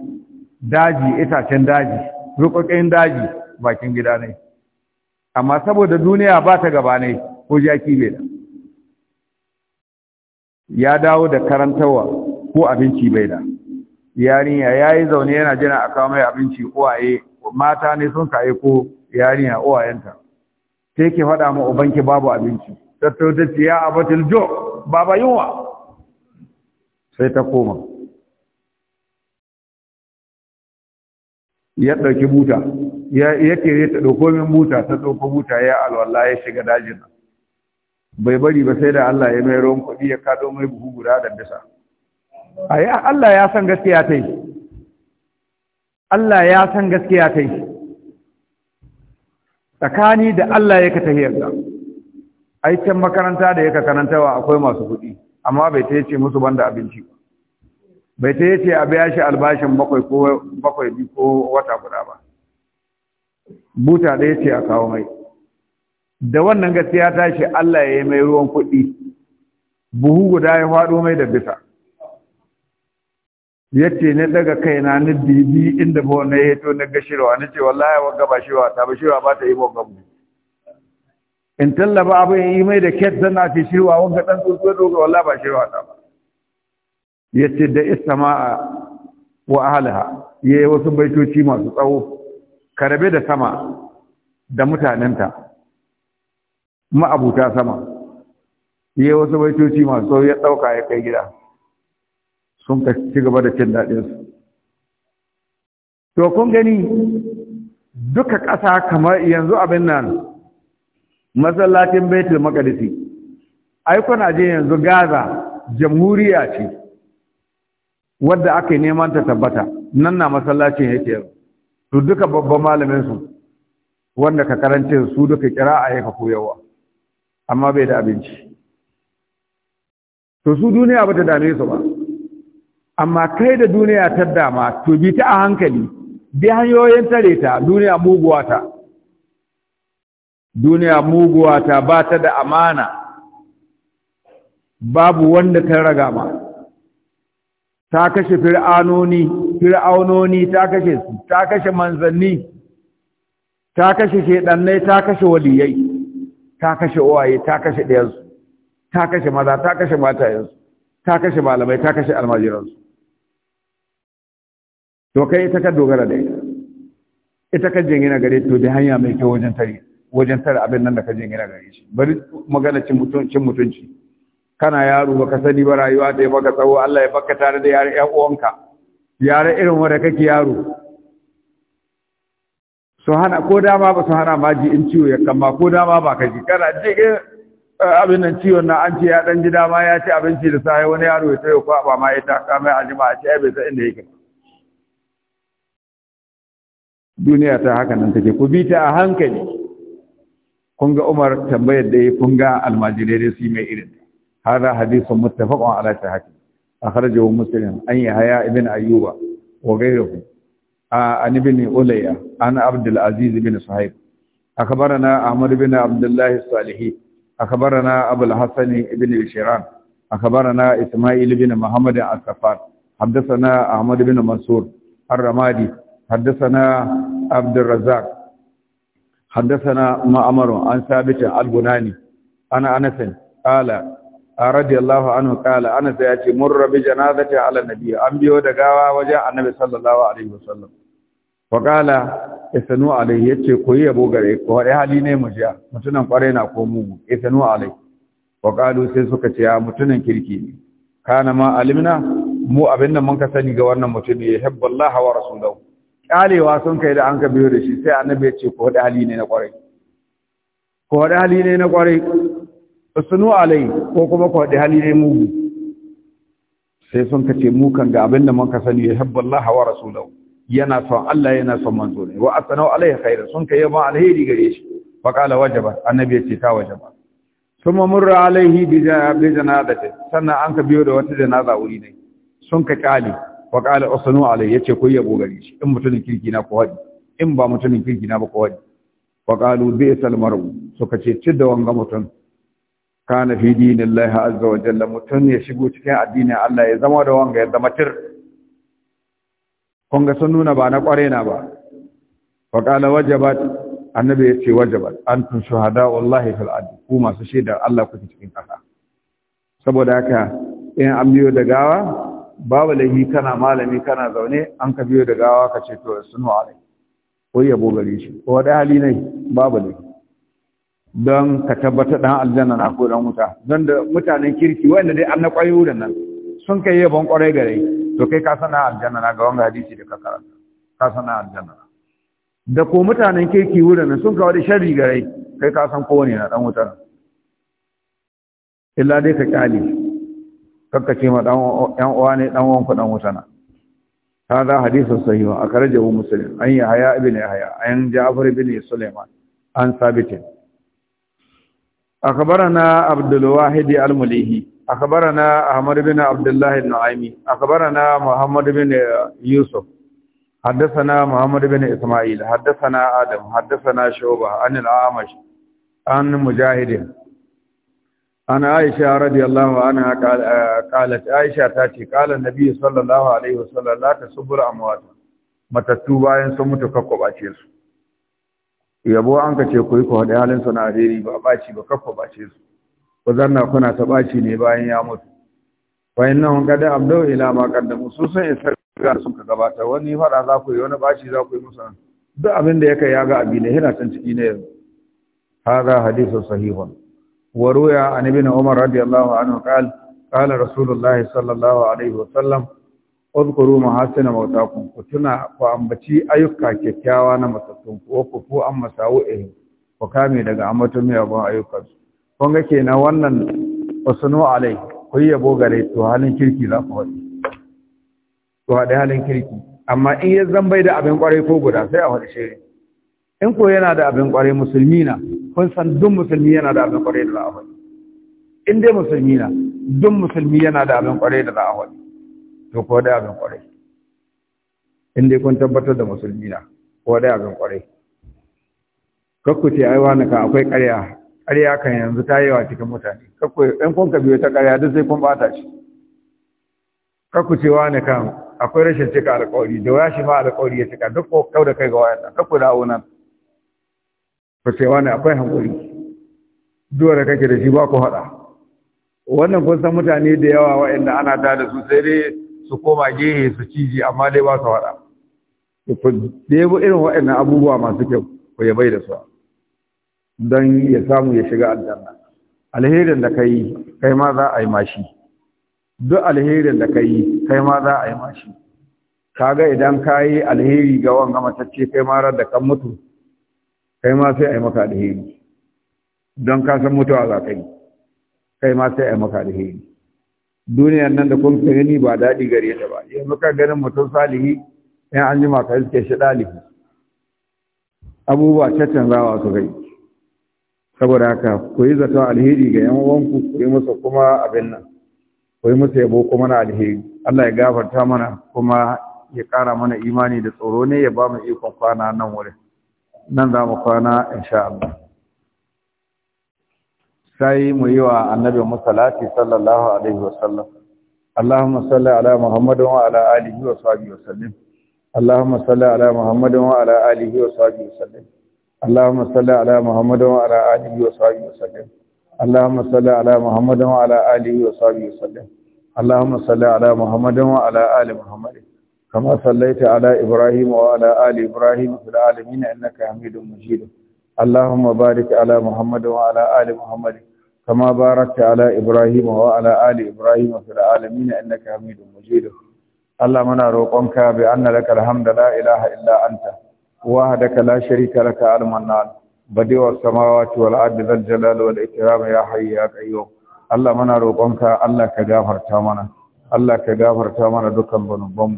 daji itacen daji rukokin daji bakin gida ne amma saboda duniya ba ta gaba ne ko jaki bai da ya dawo da karantawa ko abinci bai da yarinya yayi zaune yana jira a kawo mai abinci uwaye mata ne sun kaye ko yarinya uwayenta sai ke faɗa ma ubanki babu abinci tattautacciya abatil jo baba yunwa sai ta koma ya ɗauki buta ya kere ta ɗauko min buta ta ɗauko buta ya alwallah ya shiga dajin nan bai bari ba sai da Allah ya mai ruwan kuɗi ya kaɗo mai buhu guda da bisa a yi Allah ya san gaskiya ta yi Allah ya san gaskiya ta yi tsakani da Allah ya ka tahiyar da aikin makaranta da ya ka karantawa akwai masu kuɗi amma bai ta yace musu banda abinci ba bai ta yace a biya shi albashin bakwai ko bakwai bi ko wata guda ba buta da yace a kawo mai da wannan gaskiya ta shi Allah ya yi mai ruwan kuɗi buhu guda ya faɗo mai da bisa yace ne daga kaina ni bibi inda ba wannan ya to na gashirwa ni ce wallahi wa gaba shirwa ta ba shirwa ba ta yi wa gabu in tallaba abin yi mai da ket zanna ce shirwa wanga dan tsuntsu doga wallahi ba shirwa ta ba ya ce da istama'a wa ahalaha ya yi wasu baitoci masu tsawo karabe da sama da mutanenta ma'abuta sama ya yi wasu baitoci masu tsawo ya ɗauka ya kai gida sun ka ci gaba da cin daɗinsu to kun gani duka ƙasa kamar yanzu abin nan masallacin baitul maqdisi ai kuna je yanzu gaza jamhuriya ce wadda aka yi neman ta tabbata nan na masallacin yake yanzu to duka babban malamin su wanda ka karance su duka a ya ka yawa. amma bai da abinci to su duniya ba ta dame su ba amma kai da duniya ta dama to bi ta a hankali bi hanyoyin tare ta duniya muguwa ta duniya muguwa ta ba ta da amana babu wanda ta raga ma ta kashe fir'anoni fir'aunoni ta kashe su ta kashe manzanni ta kashe shedannai ta kashe waliyai ta kashe uwaye ta kashe ɗayansu ta kashe maza ta kashe matayensu ta kashe malamai ta kashe almajiransu to kai ita ka dogara da ita ita ka jingina gare to da hanya mai kyau wajen tare wajen tare abin nan da ka jingina gare shi bari magana cin mutunci kana yaro baka sani ba rayuwa ta yi ka tsawo Allah ya baka tare da yare ƴan uwanka yare irin wanda kake yaro so hana ko dama ba su hana ma ji in ciwo ya kama ko dama ba ka ji kana ji eh, abin nan ciwon na an ce ya dan ji dama ya ci abinci da sai wani yaro ya tayo ba ma ya taka mai ajima a ce ai bai san inda yake duniya ta haka nan take ku bi ta a hankali kun ga Umar tambayar da ya kun ga almajirai su mai irin هذا حديث متفق على صحته أخرجه مسلم أن يحيى ابن أيوب وغيره عن ابن أولية عن عبد العزيز بن صهيب أخبرنا أحمد بن عبد الله الصالحي أخبرنا أبو الحسن بن بشيران أخبرنا إسماعيل بن محمد الكفار حدثنا أحمد بن منصور الرمادي حدثنا عبد الرزاق حدثنا معمر عن ثابت البناني أنا أنس قال radiyallahu anhu kala ana ya ce murra bi janazati ala nabi an biyo da gawa wajen annabi sallallahu alaihi wasallam wa kala isanu alaihi yace koyi yabo gare ko wai hali ne mu jiya mutunan kware na ko mu isanu alaihi wa qalu sai suka ce ya mutunan kirki ne kana ma alimna mu abin nan mun ka sani ga wannan mutum ya habballaha wa rasulahu kalewa sun kai da an ka biyo da shi sai annabi ya ce ko da hali ne na kwarai ko da hali ne na kwarai usnu alai ko kuma ko da hali ne mugu sai sun kace mu kan ga abinda mun ka sani yuhibbu Allah wa rasulahu yana son Allah yana so manzo ne wa asnau alai khairan sun kai ma alheri gare shi fa qala wajaba annabi ya ce ta wajaba kuma murra alaihi bi janabati sannan an ka biyo da wata janaza wuri ne sun ka kale wa qala usnu alai yace ko yabo gare shi in mutumin kirki na ko haɗi in ba mutumin kirki na ba ko haɗi wa qalu bi'sal mar'u suka ce cidda wanga mutum kana fi dinillahi azza wa jalla mutun ya shigo cikin addini Allah ya zama da wanga ya zama tir kun ga sun nuna ba na kware na ba wa qala wajabat annabi ya ce wajabat antum shuhada wallahi fil ard ku masu shaidar Allah ku cikin kasa saboda haka in an biyo da gawa babu lahi kana malami kana zaune an ka biyo da gawa ka ce to sunu alai ko yabo gare shi ko da hali ne babu lahi don ka tabbata ɗan aljanna na ko dan wuta don da mutanen kirki wanda dai an na kwayo da nan sun kai yabon kwarai gare to kai ka sana aljanna na ga wanga hadisi da ka karanta ka sana aljanna da ko mutanen kirki wurin nan sun kawo da sharri gare kai ka san kowane na dan wuta illa dai ka kyale kakka ce ma dan yan uwa ne dan uwan ku dan wuta na هذا حديث صحيح أخرجه مسلم an يحيى بن يحيى أن جعفر بن سليمان an sabitin أخبرنا عبد الواحد المليهي أخبرنا أحمد بن عبد الله النعيمي أخبرنا محمد بن يوسف حدثنا محمد بن إسماعيل حدثنا آدم حدثنا شعبة عن العامش عن مجاهد عن عائشة رضي الله عنها قالت عائشة تاتي قال النبي صلى الله عليه وسلم لا تصبر الأموات متتوبا إن سمتك قبعتيرسوا yabo an ka ce ku yi ku halin su na alheri ba ɓaci ba kafa ɓace su ku zanna kuna ta ɓaci ne bayan ya mutu bayan nan kada abdau ila ma kaddamu su sun isa ga sun ka gabata wani faɗa za ku yi wani ɓaci za ku yi musu duk abin da ya kai ya ga abi ne yana can ciki ne yanzu hada hadisu sahihun wa ruya an na umar radiyallahu anhu qala qala rasulullahi sallallahu alaihi wa uzkuru mahasina mautakum ku tuna ku ambaci ayyuka kyakkyawa na matattun ku ku ku an masawu eh ku kame daga amatun miyagun ayyukan su kun ga kenan wannan wasunu alai ku yabo gare to halin kirki za ku haɗu. to haɗe halin kirki amma in ya zan bai da abin kwarai ko guda sai a haɗu shirin in ko yana da abin kwarai musulmi na kun san duk musulmi yana da abin kwarai da za a haɗu. in dai musulmi na duk musulmi yana da abin kwarai da za a haɗu. to ko dai abin kwarai in dai kun tabbatar da musulmi na ko dai abin kwarai kakku ce ai wani ka akwai ƙarya ƙarya kan yanzu ta yi wa cikin mutane kakku ɗan kun ka biyo ta ƙarya duk sai kun bata shi kakku ce wani kan akwai rashin cika alƙawari da waya shi ma alƙawari ya cika duk ko kau da kai ga wayan kakku dawo nan ku ce wani akwai hankuri duwa da kake da shi ba ku haɗa wannan kun san mutane da yawa wa'anda ana da su sai dai su koma gehe su ciji amma dai ba su haɗa ku debo irin waɗannan abubuwa masu kyau ko ya bai da su don ya samu ya shiga aljanna alherin da kai kai ma za a yi mashi duk alherin da kai kai ma za a yi mashi kaga idan ka yi alheri ga wanga matacce kai ma rar da kan mutu kai ma sai a yi maka alheri don ka san mutuwa za ka yi kai ma sai a yi maka alheri duniyar nan da kun gani ba daɗi gare ta ba yanzu ka ganin mutum salihi Yan an jima ka suke shi ɗalibi abubuwa canzawa su gai saboda haka ku yi zaton alheri ga yan uwanku ku yi musu kuma abin nan ku yi musu yabo kuma na alheri Allah ya gafarta mana kuma ya kara mana imani da tsoro ne ya ba mu ikon kwana nan wurin nan za mu kwana insha Allah sai mu yi wa annabi musallati sallallahu alaihi wa sallam. Allahumma salli ala Muhammad wa ala alihi wa sahbihi wasallim Allahumma salli ala Muhammad wa ala alihi wa sahbihi wasallim Allahumma salli ala Muhammad wa ala alihi wa sahbihi wasallim Allahumma salli ala Muhammad wa ala alihi wa sahbihi wasallim Allahumma salli ala Muhammad wa ala ali Muhammad kama sallaita ala Ibrahim wa ala ali Ibrahim fil alamin innaka Hamidum Majid اللهم بارك على محمد وعلى آل محمد كما باركت على إبراهيم وعلى آل إبراهيم في العالمين إنك حميد مجيد اللهم أنا روقك بأن لك الحمد لا إله إلا أنت وحدك لا شريك لك المنان بديع السماوات والأرض ذا الجلال والإكرام يا حي يا قيوم اللهم أنا روقك الله كغفر تامنا الله كغفر تامنا دكان بنبم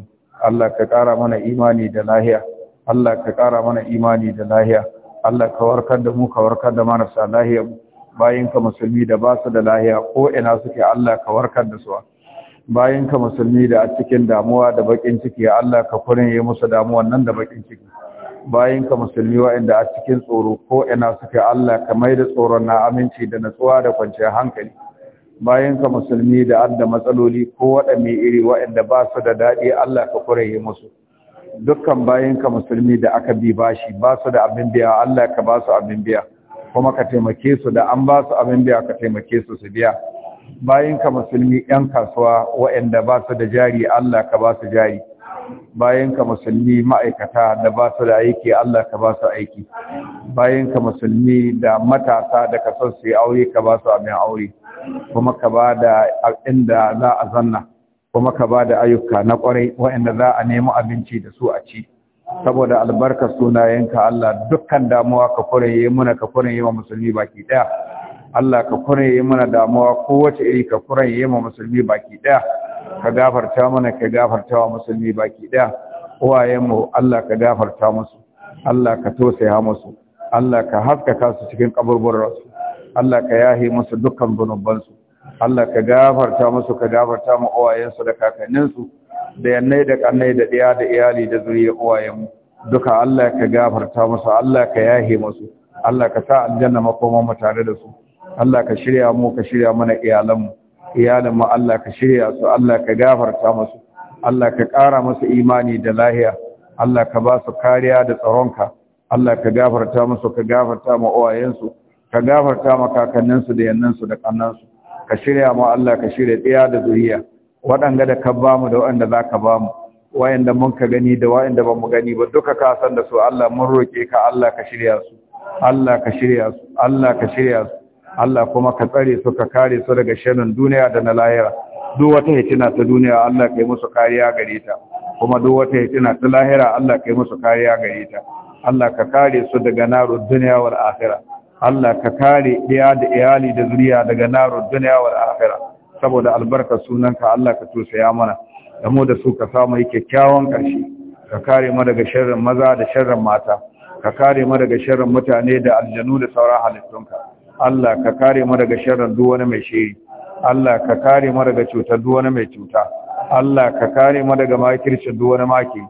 الله كقارا من إيماني دلاهيا الله كقارا من إيماني دلاهيا Allah ka warkar da mu ka warkar da marasa lahiya bayan ka musulmi da ba su da lahiya ko ina suke Allah ka warkar da su bayan ka musulmi da a cikin damuwa da bakin ciki Allah ka yi musu damuwan nan da bakin ciki bayan ka musulmi waɗanda a cikin tsoro ko ina suke Allah ka mai da tsoron na aminci da natsuwa da kwanciyar hankali bayan ka musulmi da adda matsaloli ko waɗanne iri waanda ba su da daɗi Allah ka yi musu dukkan ka musulmi da aka bi bashi ba su da abin biya Allah ka ba su abin biya kuma ka taimake su da an ba su abin biya ka taimake su su biya ka musulmi yan kasuwa waɗanda ba su da jari Allah ka ba su jari ka musulmi ma'aikata da ba su da aiki Allah ka ba su aiki ka musulmi da matasa da ka son su yi aure ka ba su abin aure kuma ka ba da inda za a zanna kuma ka ba da ayyuka na ƙwarai waɗanda za a nemi abinci da su a ci saboda albarkar sunayenka Allah dukkan damuwa ka kuraye muna ka kuraye wa musulmi baki daya Allah ka kuraye muna damuwa kowace iri ka kuraye wa musulmi baki daya ka gafarta mana ka gafarta wa musulmi baki daya uwayenmu Allah ka gafarta musu Allah ka tausaya musu Allah ka haskaka su cikin kaburburansu Allah ka yahi musu dukkan zunubansu Allah ka gafarta musu ka gafarta mu uwayensu da kakanninsu da yannai da kannai da ɗaya da iyali da zuriya uwayenmu duka Allah ka gafarta musu Allah ka yahe musu Allah ka sa aljanna makoman mu tare da su Allah ka shirya mu ka shirya mana iyalanmu iyalanmu Allah ka shirya su Allah ka gafarta musu Allah ka ƙara musu imani da lahiya Allah ka ba su kariya da tsaronka Allah ka gafarta musu ka gafarta ma uwayensu ka gafarta ma kakanninsu da yannansu da kannansu ka shirya mu Allah ka shirya ɗaya da zuriya waɗanda da ka ba mu da waɗanda za ka ba mu waɗanda mun ka gani da waɗanda ba mu gani ba duka ka san da su Allah mun roƙe ka Allah ka shirya su Allah ka shirya su Allah ka shirya su Allah kuma ka tsare su ka kare su daga shanun duniya da na lahira duk wata hitina ta duniya Allah kai musu kariya gare ta kuma duk wata hitina ta lahira Allah kai musu kariya gare ta Allah ka kare su daga narin duniya wal akhirah Allah ka kare ɗaya da iyali da zuriya daga narar duniya wal akhira saboda albarka sunanka Allah ka ya mana da mu da su ka samu yake kyakkyawan ƙarshe ka kare mu daga sharrin maza da sharrin mata ka kare mu daga sharrin mutane da aljanu da sauran halittunka Allah ka kare mu daga sharrin duk wani mai shiri Allah ka kare mu daga cuta duk wani mai cuta Allah ka kare mu daga makircin duk wani maki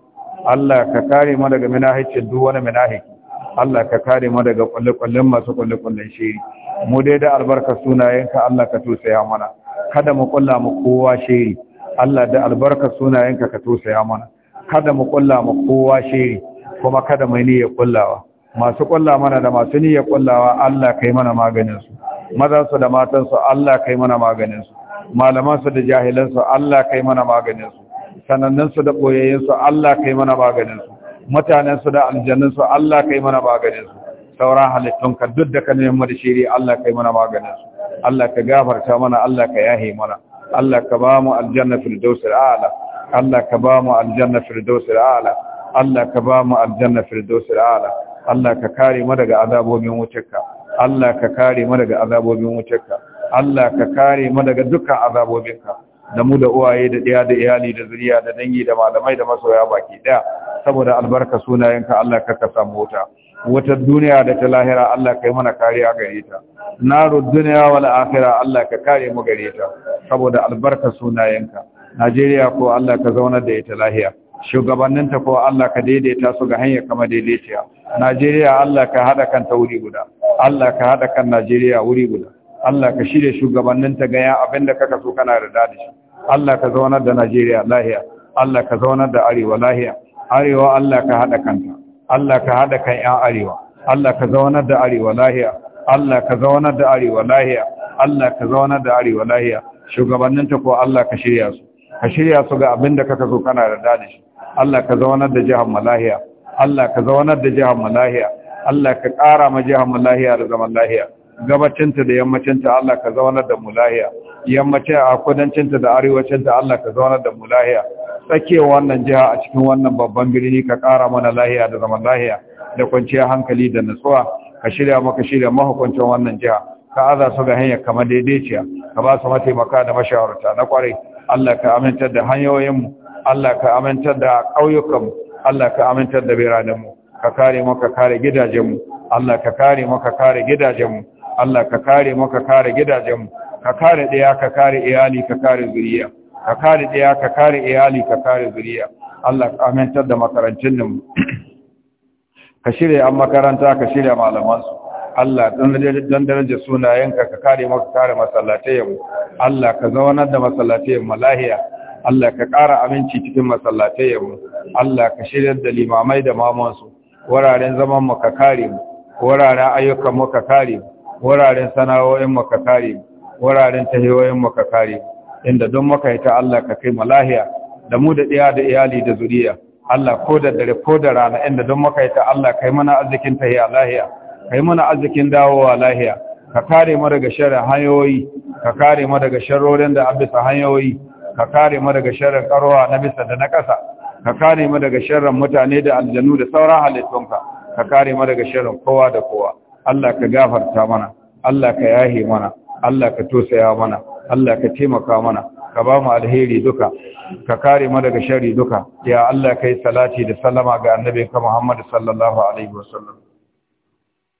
Allah ka kare mu daga minahicin duk wani minahiki Allah ka kare mu daga kwalle-kwallen masu kwalle-kwallen shiri mu dai da albarka sunayenka Allah ka tosaya mana kada mu kulla mu kowa shiri Allah da albarka sunayenka ka tosaya mana kada mu kulla mu kowa shiri kuma kada mu niyya kullawa masu kulla mana da masu niyya kullawa Allah kai mana maganin su mazan su da matan su Allah kai mana maganin su malaman su da jahilan su Allah kai mana maganin su da boyayyen su Allah kai mana maganin su mutanen su da aljannin su Allah kai mana maganinsu. sauran halittun ka duk da ka nemi da shiri Allah kai mana maganinsu. su Allah ka gafarta mana Allah ka yahe mana Allah ka ba mu aljanna firdaus al'ala Allah ka ba mu aljanna firdaus ala. Allah ka ba mu aljanna firdaus ala. Allah ka kare mu daga azabobin wutarka Allah ka kare mu daga azabobin wutarka Allah ka kare mu daga dukkan azabobinka da mu da uwaye da ɗaya da iyali da zuriya da dangi da malamai da masoya baki ɗaya saboda albarka sunayenka Allah ka ka samu wuta wata duniya da ta lahira Allah kai mana kariya gare ta naru duniya wal akhirah Allah ka kare mu gare ta saboda albarka sunayenka Najeriya ko Allah ka zaunar da ita lahiya shugabanninta ko Allah ka daidaita su ga hanya kama daidaita Najeriya Allah ka hada kan ta guda Allah ka hada kan Najeriya wuri guda Allah ka shirya shugabannin ta gaya abinda kaka so kana da daɗi shi Allah ka zaunar da Najeriya lahiya Allah ka zaunar da Arewa lahiya Arewa Allah ka haɗa kanta Allah ka haɗa kan 'yan Arewa Allah ka zaunar da Arewa lahiya Allah ka zaunar da Arewa lahiya Allah ka zaunar da Arewa lahiya shugabannin ta ko Allah ka shirya su ka shirya su ga abinda kaka so kana da daɗi shi Allah ka zaunar da jihar Malahiya Allah ka zaunar da jihar Malahiya Allah ka ƙara ma jihar Malahiya da zaman lahiya gabacinta da yammacinta Allah ka zaunar da mu lahiya yammacin a kudancinta da arewacinta Allah ka zaunar da mu lahiya wannan jiha a cikin wannan babban birni ka ƙara mana lahiya da zaman lahiya da kwanciyar hankali da nutsuwa ka shirya maka shirya mahukuncin wannan jiha ka aza su ga hanyar kamar daidaiciya ka ba su mataimaka da mashawarta na kwarai Allah ka amintar da hanyoyinmu Allah ka amintar da ƙauyukanmu Allah ka amintar da biranenmu ka kare maka kare gidajenmu Allah ka kare maka kare gidajenmu Allah ka kare mu ka kare gidajenmu ka kare daya ka kare iyali ka kare zuriya ka kare daya ka kare iyali ka kare zuriya Allah ka amintar da makarantun mu ka shirya an makaranta ka shirya malamansu Allah don daraja sunayenka ka kare maka kare masallatayenmu Allah ka zaunar da masallatayenmu lahiya Allah ka kara aminci cikin masallatayenmu Allah ka shirya da limamai da mamansu wuraren zaman mu ka kare mu wuraren ayyukan mu ka kare mu wuraren sana'o'in maka kare wuraren tahiyoyin maka kare inda don maka yi ta Allah ka kai malahiya lahiya da mu da iya da iyali da zuriya Allah ko da dare ko da rana inda don maka yi ta Allah kai mana arzikin tahiya lahiya kai mana arzikin dawowa lahiya ka kare mu daga sharrin hanyoyi ka kare mu daga sharrorin da abisa hanyoyi ka kare mu daga sharrin karowa na bisa da na ƙasa ka kare mu daga sharrin mutane da aljanu da sauran halittunka ka kare mu daga sharrin kowa da kowa Allah ka gafarta mana Allah ka yahe mana Allah ka tosaya mana Allah ka taimaka mana ka ba mu alheri duka ka kare mu daga shari duka ya Allah yi salati da sallama ga annabinka Muhammad sallallahu alaihi wasallam